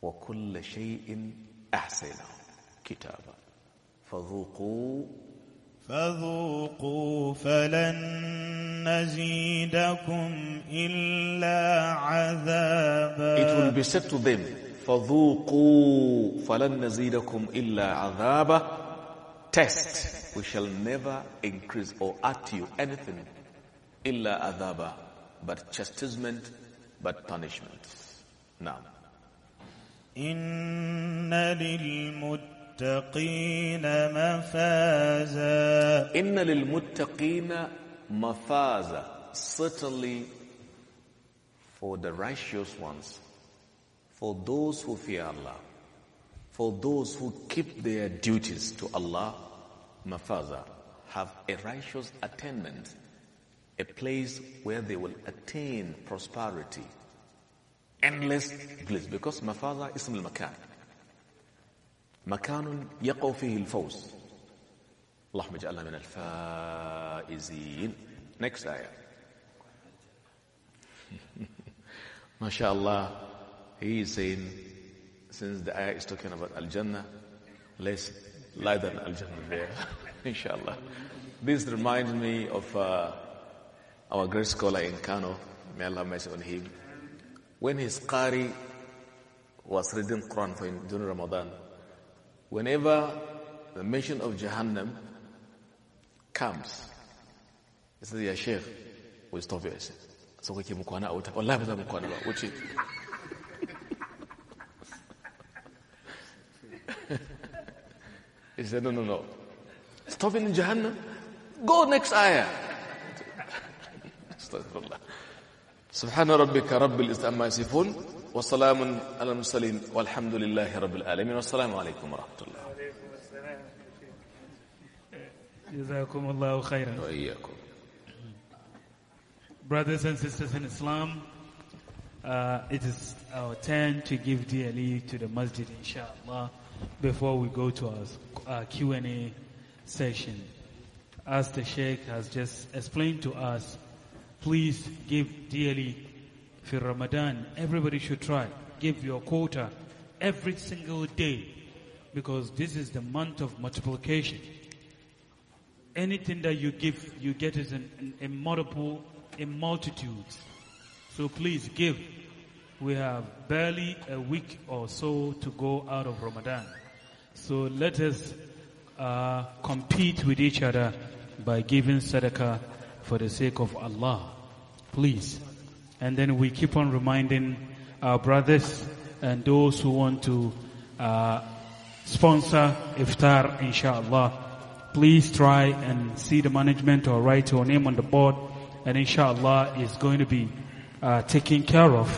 وَكُلَّ شَيْءٍ أَحْصَيْنَاهُ كِتَابًا فَذُوقُوا فذوقوا فلن نزيدكم إلا عذابا It will be said to them فذوقوا فلن نزيدكم إلا عذابا Test we shall never increase or add to you anything إلا عذابا but chastisement but punishment Now إن للمتقين للمتقين مفازا إن للمتقين مفازا certainly for the righteous ones for those who fear Allah for those who keep their duties to Allah mafaza have a righteous attainment a place where they will attain prosperity endless bliss because mafaza is al makan مكان يقع فيه الفوز اللهم اجعلنا من الفائزين next ayah الله. he is saying since the ayah is talking about al-jannah less us light al-jannah there inshallah this reminds me of uh, our great scholar in Kano may Allah mercy on him when his qari was reading Quran for him during Ramadan whenever the mention of Jahannam comes, ya sai ya sheikh wai stop ya sai so kake mu kwana a wuta wallahi ba za mu kwana ba wuce he said no no no stop in Jahannam go next ayah استغفر الله Rabbil ربك Sifun. وسلام على المرسلين والحمد لله رب العالمين والسلام عليكم ورحمة الله جزاكم الله خيرا وإياكم Brothers and sisters in Islam, uh, it is our turn to give dearly to the masjid inshallah before we go to our, our Q&A session. As the Sheikh has just explained to us, please give dearly for Ramadan. Everybody should try. Give your quota every single day because this is the month of multiplication. Anything that you give, you get is in, in, in multiple, in multitudes. So please give. We have barely a week or so to go out of Ramadan. So let us uh, compete with each other by giving sadaqah for the sake of Allah. Please. And then we keep on reminding our brothers and those who want to uh, sponsor iftar, insha'Allah. Please try and see the management or write your name on the board, and insha'Allah is going to be uh, taken care of.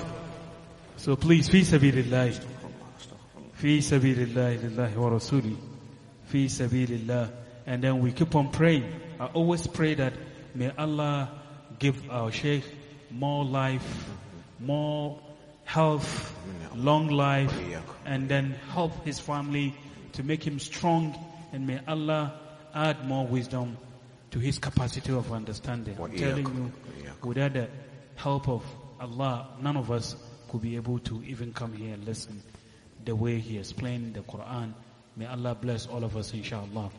So please, fi sabilillah, fi sabilillah, lillahi wa rasuli, fi sabilillah. And then we keep on praying. I always pray that may Allah give our sheikh more life, more health, long life, and then help his family to make him strong. And may Allah add more wisdom to his capacity of understanding. I'm telling you, without the help of Allah, none of us could be able to even come here and listen the way he explained the Quran. May Allah bless all of us, inshallah.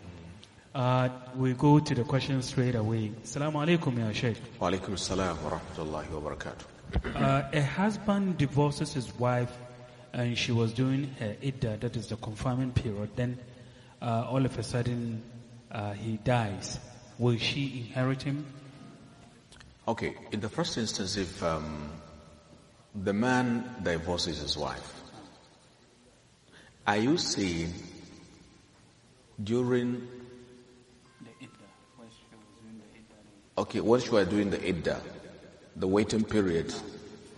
Uh, we go to the question straight away. Assalamu alaikum, Ya Sheikh. Wa alaikum assalam wa rahmatullahi wa barakatuh. Uh, a husband divorces his wife and she was doing her idda, that is the confirming period. Then uh, all of a sudden uh, he dies. Will she inherit him? Okay, in the first instance, if um, the man divorces his wife, are you saying during Okay, what should I do in the idda? The waiting period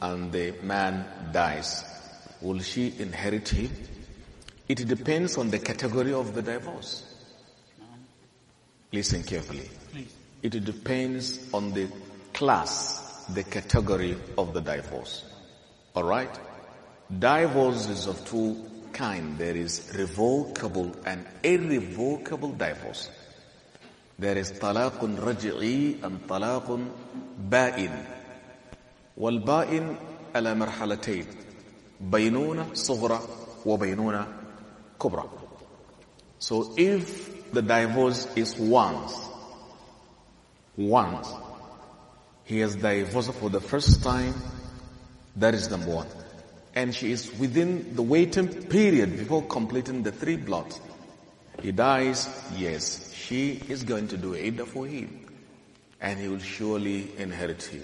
and the man dies. Will she inherit him? It depends on the category of the divorce. Listen carefully. It depends on the class, the category of the divorce. Alright? Divorce is of two kind. There is revocable and irrevocable divorce. There is talaqun raj'i and talaqun ba'in. Wal ba'in ala marhalatayn. Baynuna sughra wa baynuna kubra. So if the divorce is once, once, he has divorced for the first time, that is number one. And she is within the waiting period before completing the three blocks. He dies, yes, she is going to do Iddah for him. And he will surely inherit him.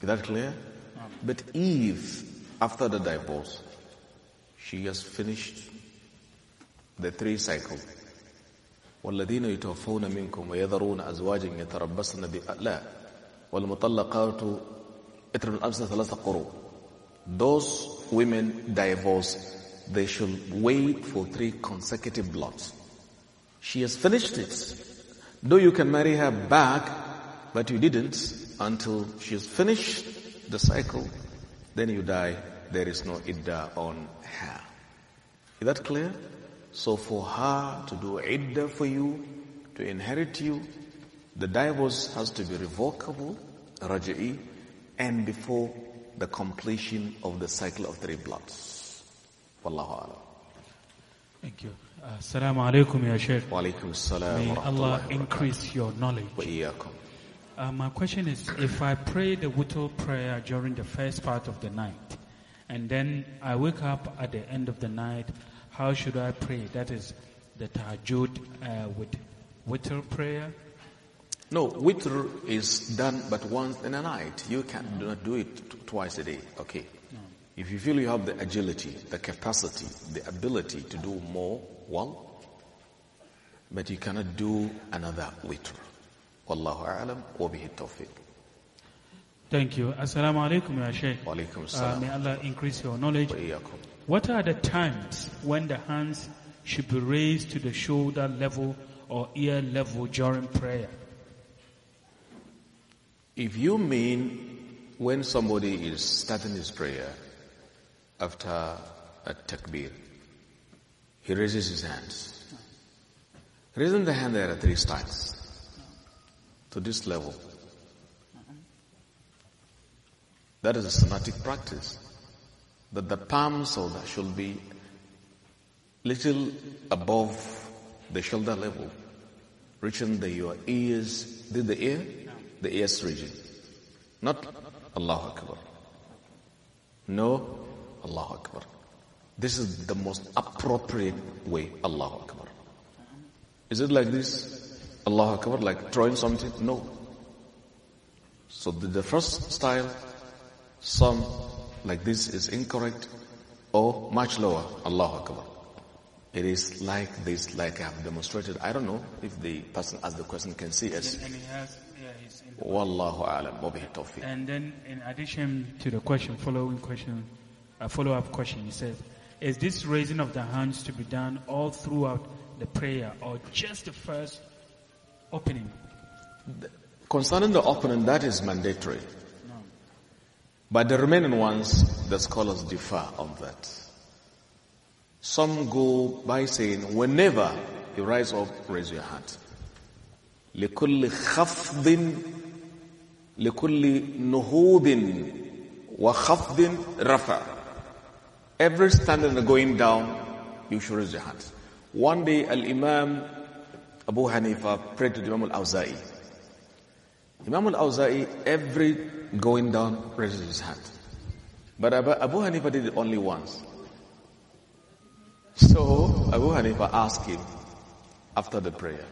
Is that clear? But Eve, after the divorce, she has finished the three cycle. والذين يتوفون منكم ويذرون أزواجا يتربصن ب لا والمطلقات اترن الأمس ثلاثة قروء those women divorce they should wait for three consecutive lots. She has finished it. Though you can marry her back, but you didn't until she has finished the cycle. Then you die. There is no idda on her. Is that clear? So for her to do idda for you, to inherit you, the divorce has to be revocable, raj'i, and before the completion of the cycle of three bloods. Wallahu alam. Thank you. Assalamu alaikum, Ya Sheikh. Wa alaikum assalam. May Allah increase your knowledge. Wa iyakum. Uh, my question is, if I pray the Wutul prayer during the first part of the night, and then I wake up at the end of the night, how should I pray? That is the Tajud uh, with Wutul prayer? No, Witr is done but once in a night. You can do not do it twice a day. Okay. If you feel you have the agility, the capacity, the ability to do more, well, but you cannot do another witr. Wallahu a'lam wa bihi tawfiq. Thank you. Assalamu alaikum, Ya Sheikh. Wa alaikum uh, may Allah increase your knowledge. What are the times when the hands should be raised to the shoulder level or ear level during prayer? If you mean when somebody is starting his prayer, after a takbir, he raises his hands. Raising the hand, there are three styles. To this level, that is a somatic practice. That the palms of should be little above the shoulder level, reaching the, your ears. Did the ear? The ears region. Not Allah Akbar. No Allahu Akbar. This is the most appropriate way. Allahu Akbar. Is it like this? Allahu Akbar, like throwing something? No. So the, the first style, some like this is incorrect or much lower. Allahu Akbar. It is like this, like I have demonstrated. I don't know if the person asked the question can see us. Wallahu alam. And then in addition to the question, following question, a follow-up question. He says, is this raising of the hands to be done all throughout the prayer or just the first opening? Concerning the opening, that is mandatory. No. But the remaining ones, the scholars differ on that. Some go by saying, whenever you rise up, raise your hand. لكل خفض لكل نهوض وخفض رفع Every standing and going down, you should raise your hands. One day, Al Imam Abu Hanifa prayed to Imam Al Awza'i. Imam Al Awza'i, every going down, raises his hand. But Abu Hanifa did it only once. So Abu Hanifa asked him after the prayer,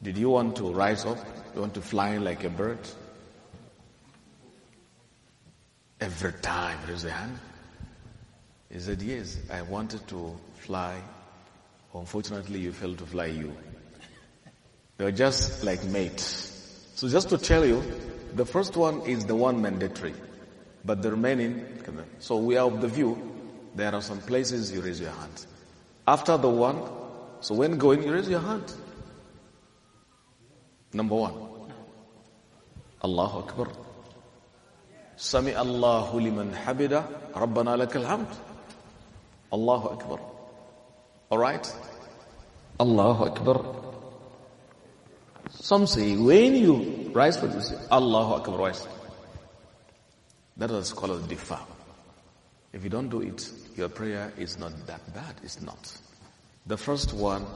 Did you want to rise up? You want to fly like a bird? Every time, raise the hand. He said, yes, I wanted to fly. Unfortunately, you failed to fly you. They were just like mates. So just to tell you, the first one is the one mandatory. But the remaining, so we are of the view, there are some places you raise your hand. After the one, so when going, you raise your hand. Number one. Allahu Akbar. Sami Allahu liman habida. Rabbana lakal hamd. Allahu Akbar. Alright? Allahu Akbar. Some say when you rise for this, Allahu Akbar rise. That is scholars difa. If you don't do it, your prayer is not that bad. It's not. The first one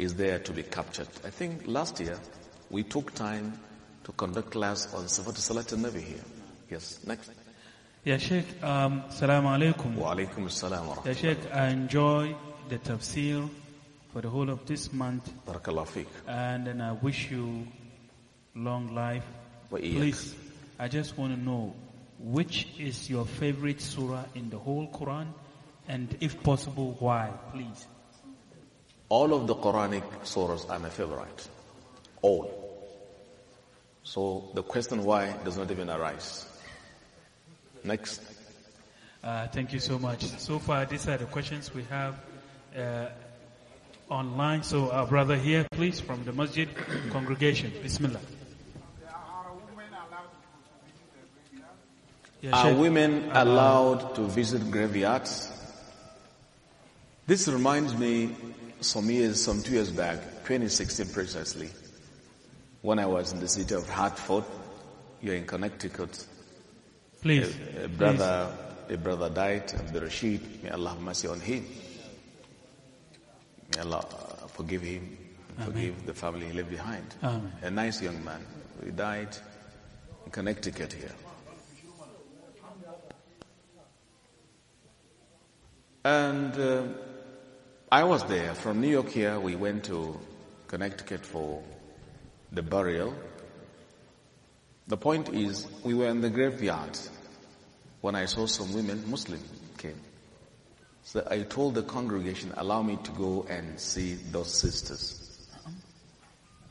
is there to be captured. I think last year we took time to conduct class on Sifat Salat al Nabi here. Yes, next. Yeah, Sheikh, um, Salaamu Alaikum. Wa Alaikum wa Sheikh, I enjoy the tafsir for the whole of this month. Barakallahu fiqh. And then I wish you long life. Wa Please, I just want to know which is your favorite surah in the whole Quran and if possible, why, please? All of the Quranic surahs are my favorite. All. So the question why does not even arise. Next. Uh, thank you so much. So far, these are the questions we have uh, online. So our brother here, please, from the Masjid congregation. Bismillah. are women uh, allowed to visit graveyards? This reminds me some years, some two years back, 2016 precisely, when I was in the city of Hartford, you're in Connecticut, Please. A, a brother, Please. a brother died, Abdul Rashid. May Allah have mercy on him. May Allah uh, forgive him, forgive the family he left behind. Amen. A nice young man. He died in Connecticut here. And uh, I was there. From New York here, we went to Connecticut for the burial the point is, we were in the graveyard when I saw some women, Muslim, came. So I told the congregation, allow me to go and see those sisters.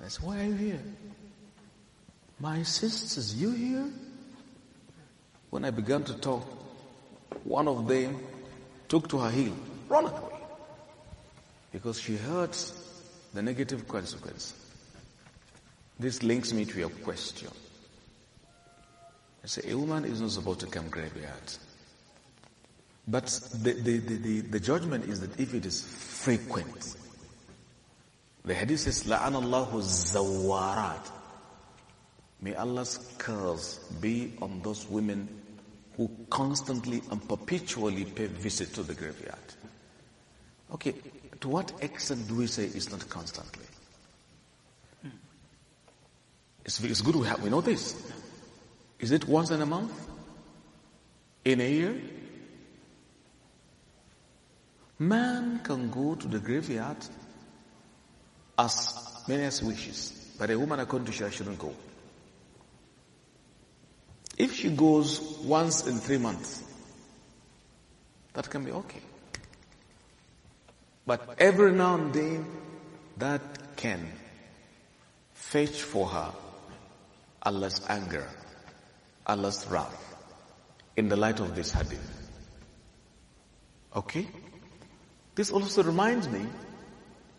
I said, why are you here? My sisters, you here? When I began to talk, one of them took to her heel, run away, because she heard the negative consequence. This links me to your question. I say, a woman is not supposed to come graveyard. But the, the, the, the, the judgment is that if it is frequent, the hadith says, La'anallahu zawarat. May Allah's curse be on those women who constantly and perpetually pay visit to the graveyard. Okay, to what extent do we say it's not constantly? It's, it's good we, have, we know this. Is it once in a month? In a year? Man can go to the graveyard as many as wishes, but a woman according to Sharia shouldn't go. If she goes once in three months, that can be okay. But every now and then, that can fetch for her Allah's anger Allah's wrath in the light of this hadith. Okay? This also reminds me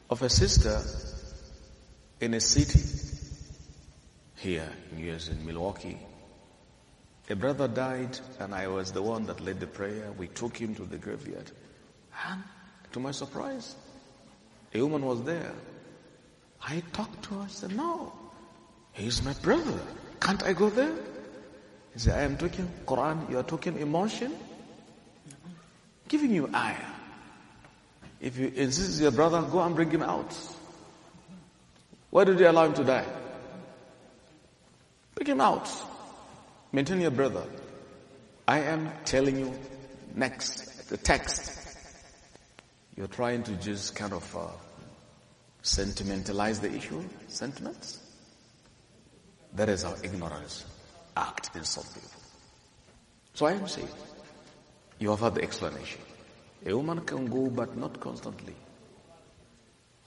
of a sister in a city here in US in Milwaukee. A brother died and I was the one that led the prayer. We took him to the graveyard. And to my surprise, a woman was there. I talked to her. I said, no, he's my brother. Can't I go there? I am talking Quran, you are talking emotion? Giving you ayah. If you insist your brother, go and bring him out. Why did you allow him to die? Bring him out. Maintain your brother. I am telling you next, the text. You're trying to just kind of uh, sentimentalize the issue, sentiments. That is our ignorance act in some people. So I am saying, you have had the explanation. A woman can go, but not constantly.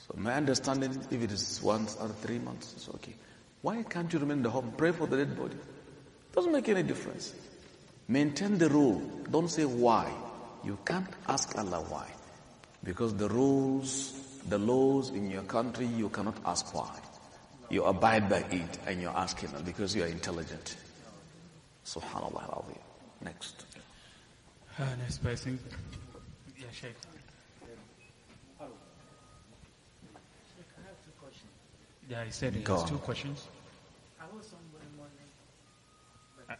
So my understanding, if it is once or three months, it's okay. Why can't you remain in the home? Pray for the dead body. Doesn't make any difference. Maintain the rule. Don't say why. You can't ask Allah why. Because the rules, the laws in your country, you cannot ask why. You abide by it and you're asking because you are intelligent. Subhanallah al-Azim. Next. Uh, next person. Yeah, Sheikh. Yeah, he said he has two questions. I was somewhere morning, but uh,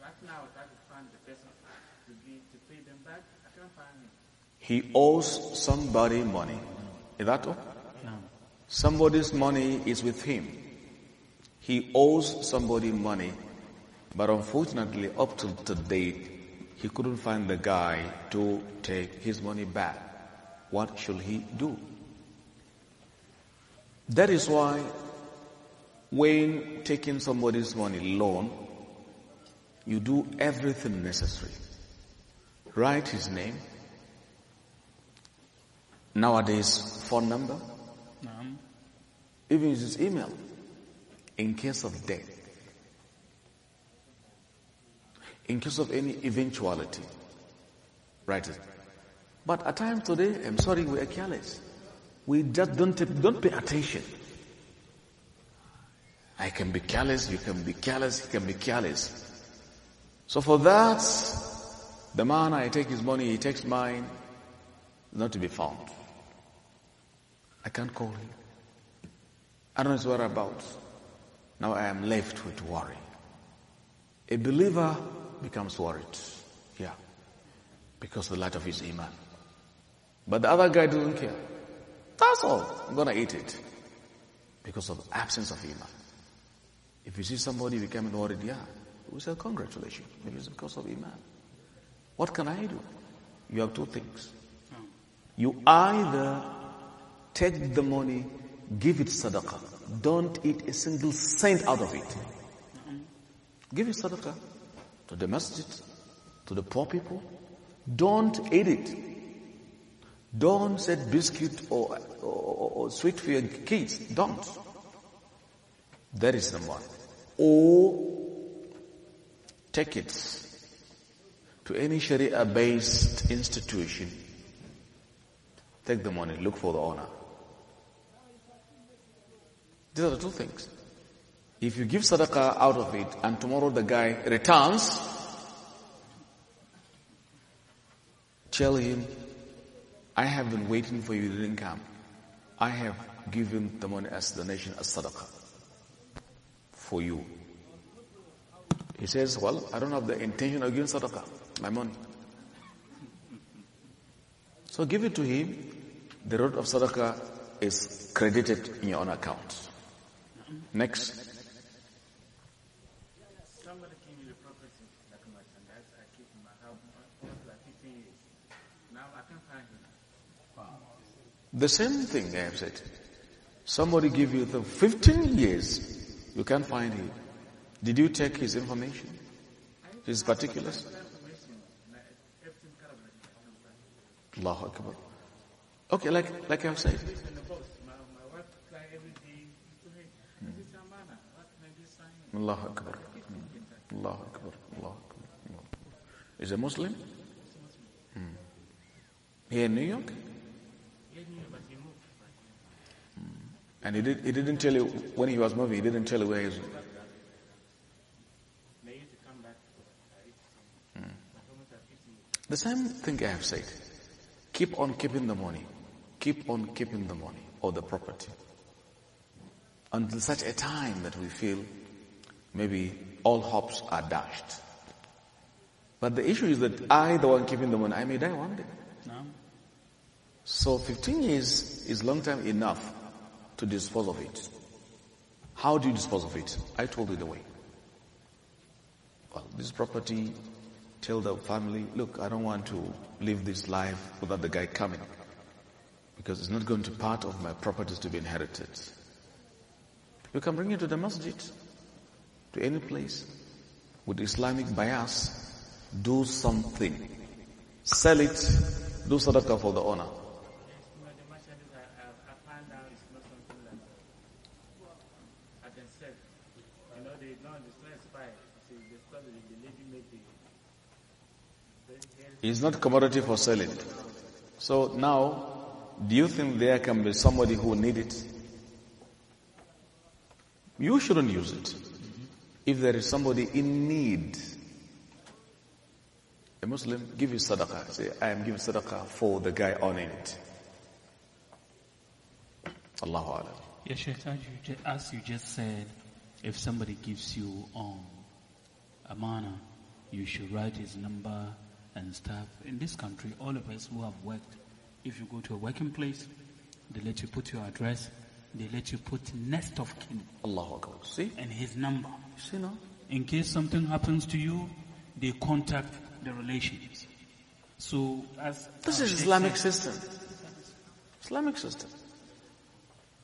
right now I try to find the person to, be, to pay them back. I can't find him. He owes somebody money. Is that all? No. Somebody's money is with him. He owes somebody money. But unfortunately, up to, today, he couldn't find the guy to take his money back. What should he do? That is why when taking somebody's money loan, you do everything necessary. Write his name. Nowadays, phone number. Even his email. In case of death, in case of any eventuality. Write it. But at times today, I'm sorry, we are careless. We just don't, don't pay attention. I can be careless, you can be careless, he can be careless. So for that, the man I take his money, he takes mine, not to be found. I can't call him. I don't know his whereabouts. Now I am left with worry. A believer becomes worried. Yeah. Because the light of his iman. But the other guy doesn't care. That's all. I'm gonna eat it. Because of absence of iman. If you see somebody becoming worried, yeah, we say congratulations. Maybe it's because of iman. What can I do? You have two things. You either take the money, give it sadaqah. Don't eat a single cent out of it. Give it sadaqah to the masjid, to the poor people. Don't eat it. Don't set biscuit or, or, or sweet for your kids. Don't. That is number one. Or take it to any Sharia based institution. Take the money, look for the owner. These are the two things. If you give sadaqah out of it and tomorrow the guy returns, tell him, I have been waiting for you, you didn't come. I have given the money as donation as sadaqah for you. He says, Well, I don't have the intention of giving sadaqah, my money. So give it to him. The road of sadaqah is credited in your own account. Next the Now I can find him. The same thing I have said. Somebody give you the 15 years, you can't find him. Did you take his information? His particulars? Allahu Akbar. Okay, like, like I've said. Hmm. Allah Akbar. Mm. Allah Akbar, Allah Akbar, Allah Akbar. Is a Muslim? Hmm. Here in New York? Hmm. And he, did, he didn't tell you, when he was moving, he didn't tell you where he was. Hmm. The same thing I have said. Keep on keeping the money. Keep on keeping the money or the property. Until such a time that we feel maybe all hopes are dashed. But the issue is that I, the one keeping the money, I may die one day. No. So 15 years is long time enough to dispose of it. How do you dispose of it? I told you the way. Well, this property, tell the family, look, I don't want to live this life without the guy coming. Because it's not going to part of my properties to be inherited. You can bring it to the masjid to any place with Islamic bias, do something. Sell it, do sadaqah for the owner. It's not commodity for selling. So now, do you think there can be somebody who need it? You shouldn't use it. If there is somebody in need, a Muslim, give you sadaqah. Say, I am giving sadaqah for the guy on it. Allahu Alam. Yes, Sheikh, as you, just, as you just said, if somebody gives you um, a mana, you should write his number and stuff. In this country, all of us who have worked, if you go to a working place, they let you put your address they let you put nest of kin. Akbar. See? And his number. see now? In case something happens to you, they contact the relations. So as this is Islamic said, system. Islamic system.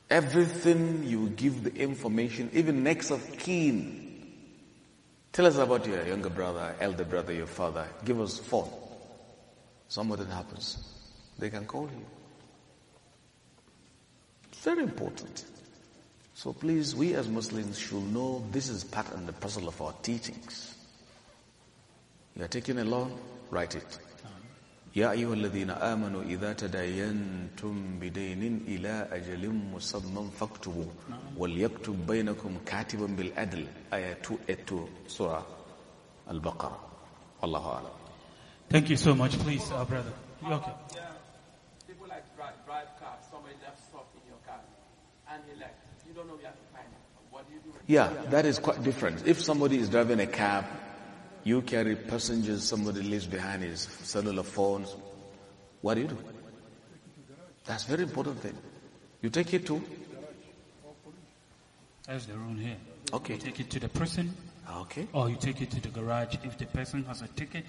Everything you give the information, even next of kin. Tell us about your younger brother, elder brother, your father. Give us phone. Something happens. They can call you. Very important. So please, we as Muslims should know this is part and the parcel of our teachings. You are taking a loan, write it. يا أيها الذين آمنوا إذا تداينتم بدين إلى أجل مسمى فاكتبوا وليكتب بينكم كاتبا بِالْأَدْلَ آية 282 سورة البقرة اللَّهُ أعلم Thank you so much. Please, uh, brother. Okay. Yeah, that is quite different. If somebody is driving a cab, you carry passengers, somebody leaves behind his cellular phones, what do you do? That's very important thing. You take it to? As the rule here. Okay. You take it to the person. Okay. Or you take it to the garage. If the person has a ticket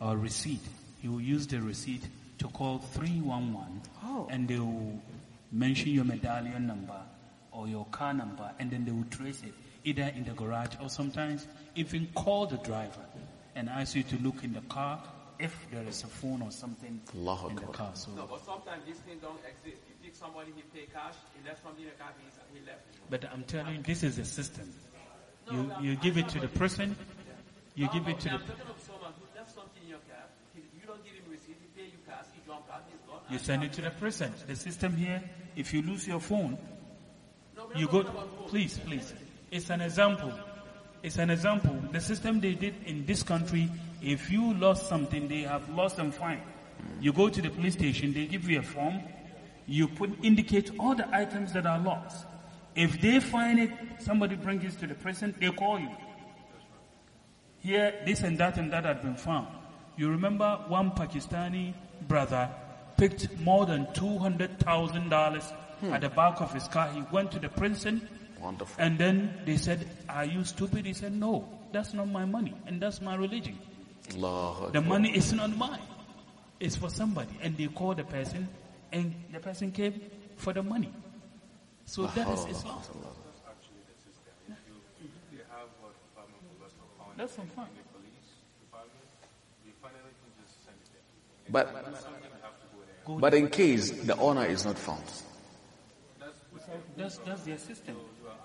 or receipt, you use the receipt to call 311 oh. and they will mention your medallion number or your car number and then they will trace it either in the garage or sometimes even call the driver and ask you to look in the car if there is a phone or something Allah in the car. So. No, but sometimes this thing don't exist. You pick somebody, he pay cash, he left something in the car, he left. But I'm telling you, this is a system. No, you, I'm, give it to the person, you no, give it to I'm the... I'm talking of someone who left something in your car, he, you don't give him receipt, he pay you cash, he jump out, he's gone. You send it to the person. The system here, if you lose your phone, you go... Please, please. It's an example. It's an example. The system they did in this country, if you lost something, they have lost and fine. You go to the police station, they give you a form, you put indicate all the items that are lost. If they find it, somebody brings it to the prison, they call you. Here, this and that and that had been found. You remember one Pakistani brother picked more than $200,000 hmm. at the back of his car. He went to the prison Wonderful. And then they said, Are you stupid? He said, No, that's not my money and that's my religion. the money is not mine, it's for somebody. And they called the person, and the person came for the money. So Allah that is oh, Islam. Allah. That's not fine. But, but in case the owner is not found. That's, that's, that's their system.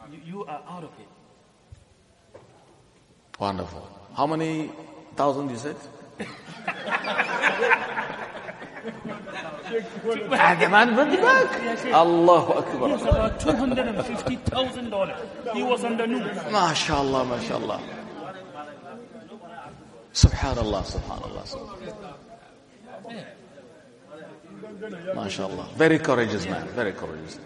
You, you are out of it. Wonderful. How many thousand you said? the ah, man brought it back. Allahu Akbar. It was about $250,000. He was on the news. MashaAllah, MashaAllah. Subhanallah, subhanallah, subhanallah. MashaAllah. Very courageous man, very courageous man.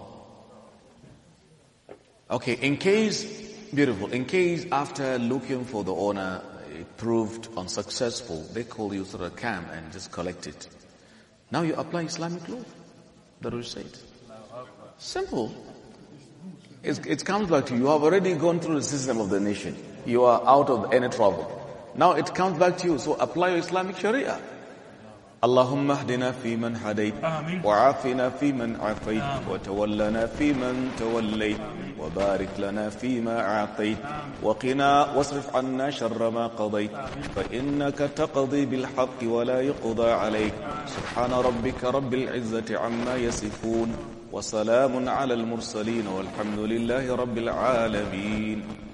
Okay, in case, beautiful, in case after looking for the owner it proved unsuccessful, they call you to the camp and just collect it. Now you apply Islamic law. rule said. Simple. It's, it comes back to you. You have already gone through the system of the nation. You are out of any trouble. Now it comes back to you. So apply your Islamic Sharia. اللهم اهدنا فيمن هديت آمين. وعافنا فيمن عافيت وتولنا فيمن توليت وبارك لنا فيما أعطيت وقنا واصرف عنا شر ما قضيت فإنك تقضي بالحق ولا يقضى عليك سبحان ربك رب العزة عما يصفون وسلام على المرسلين والحمد لله رب العالمين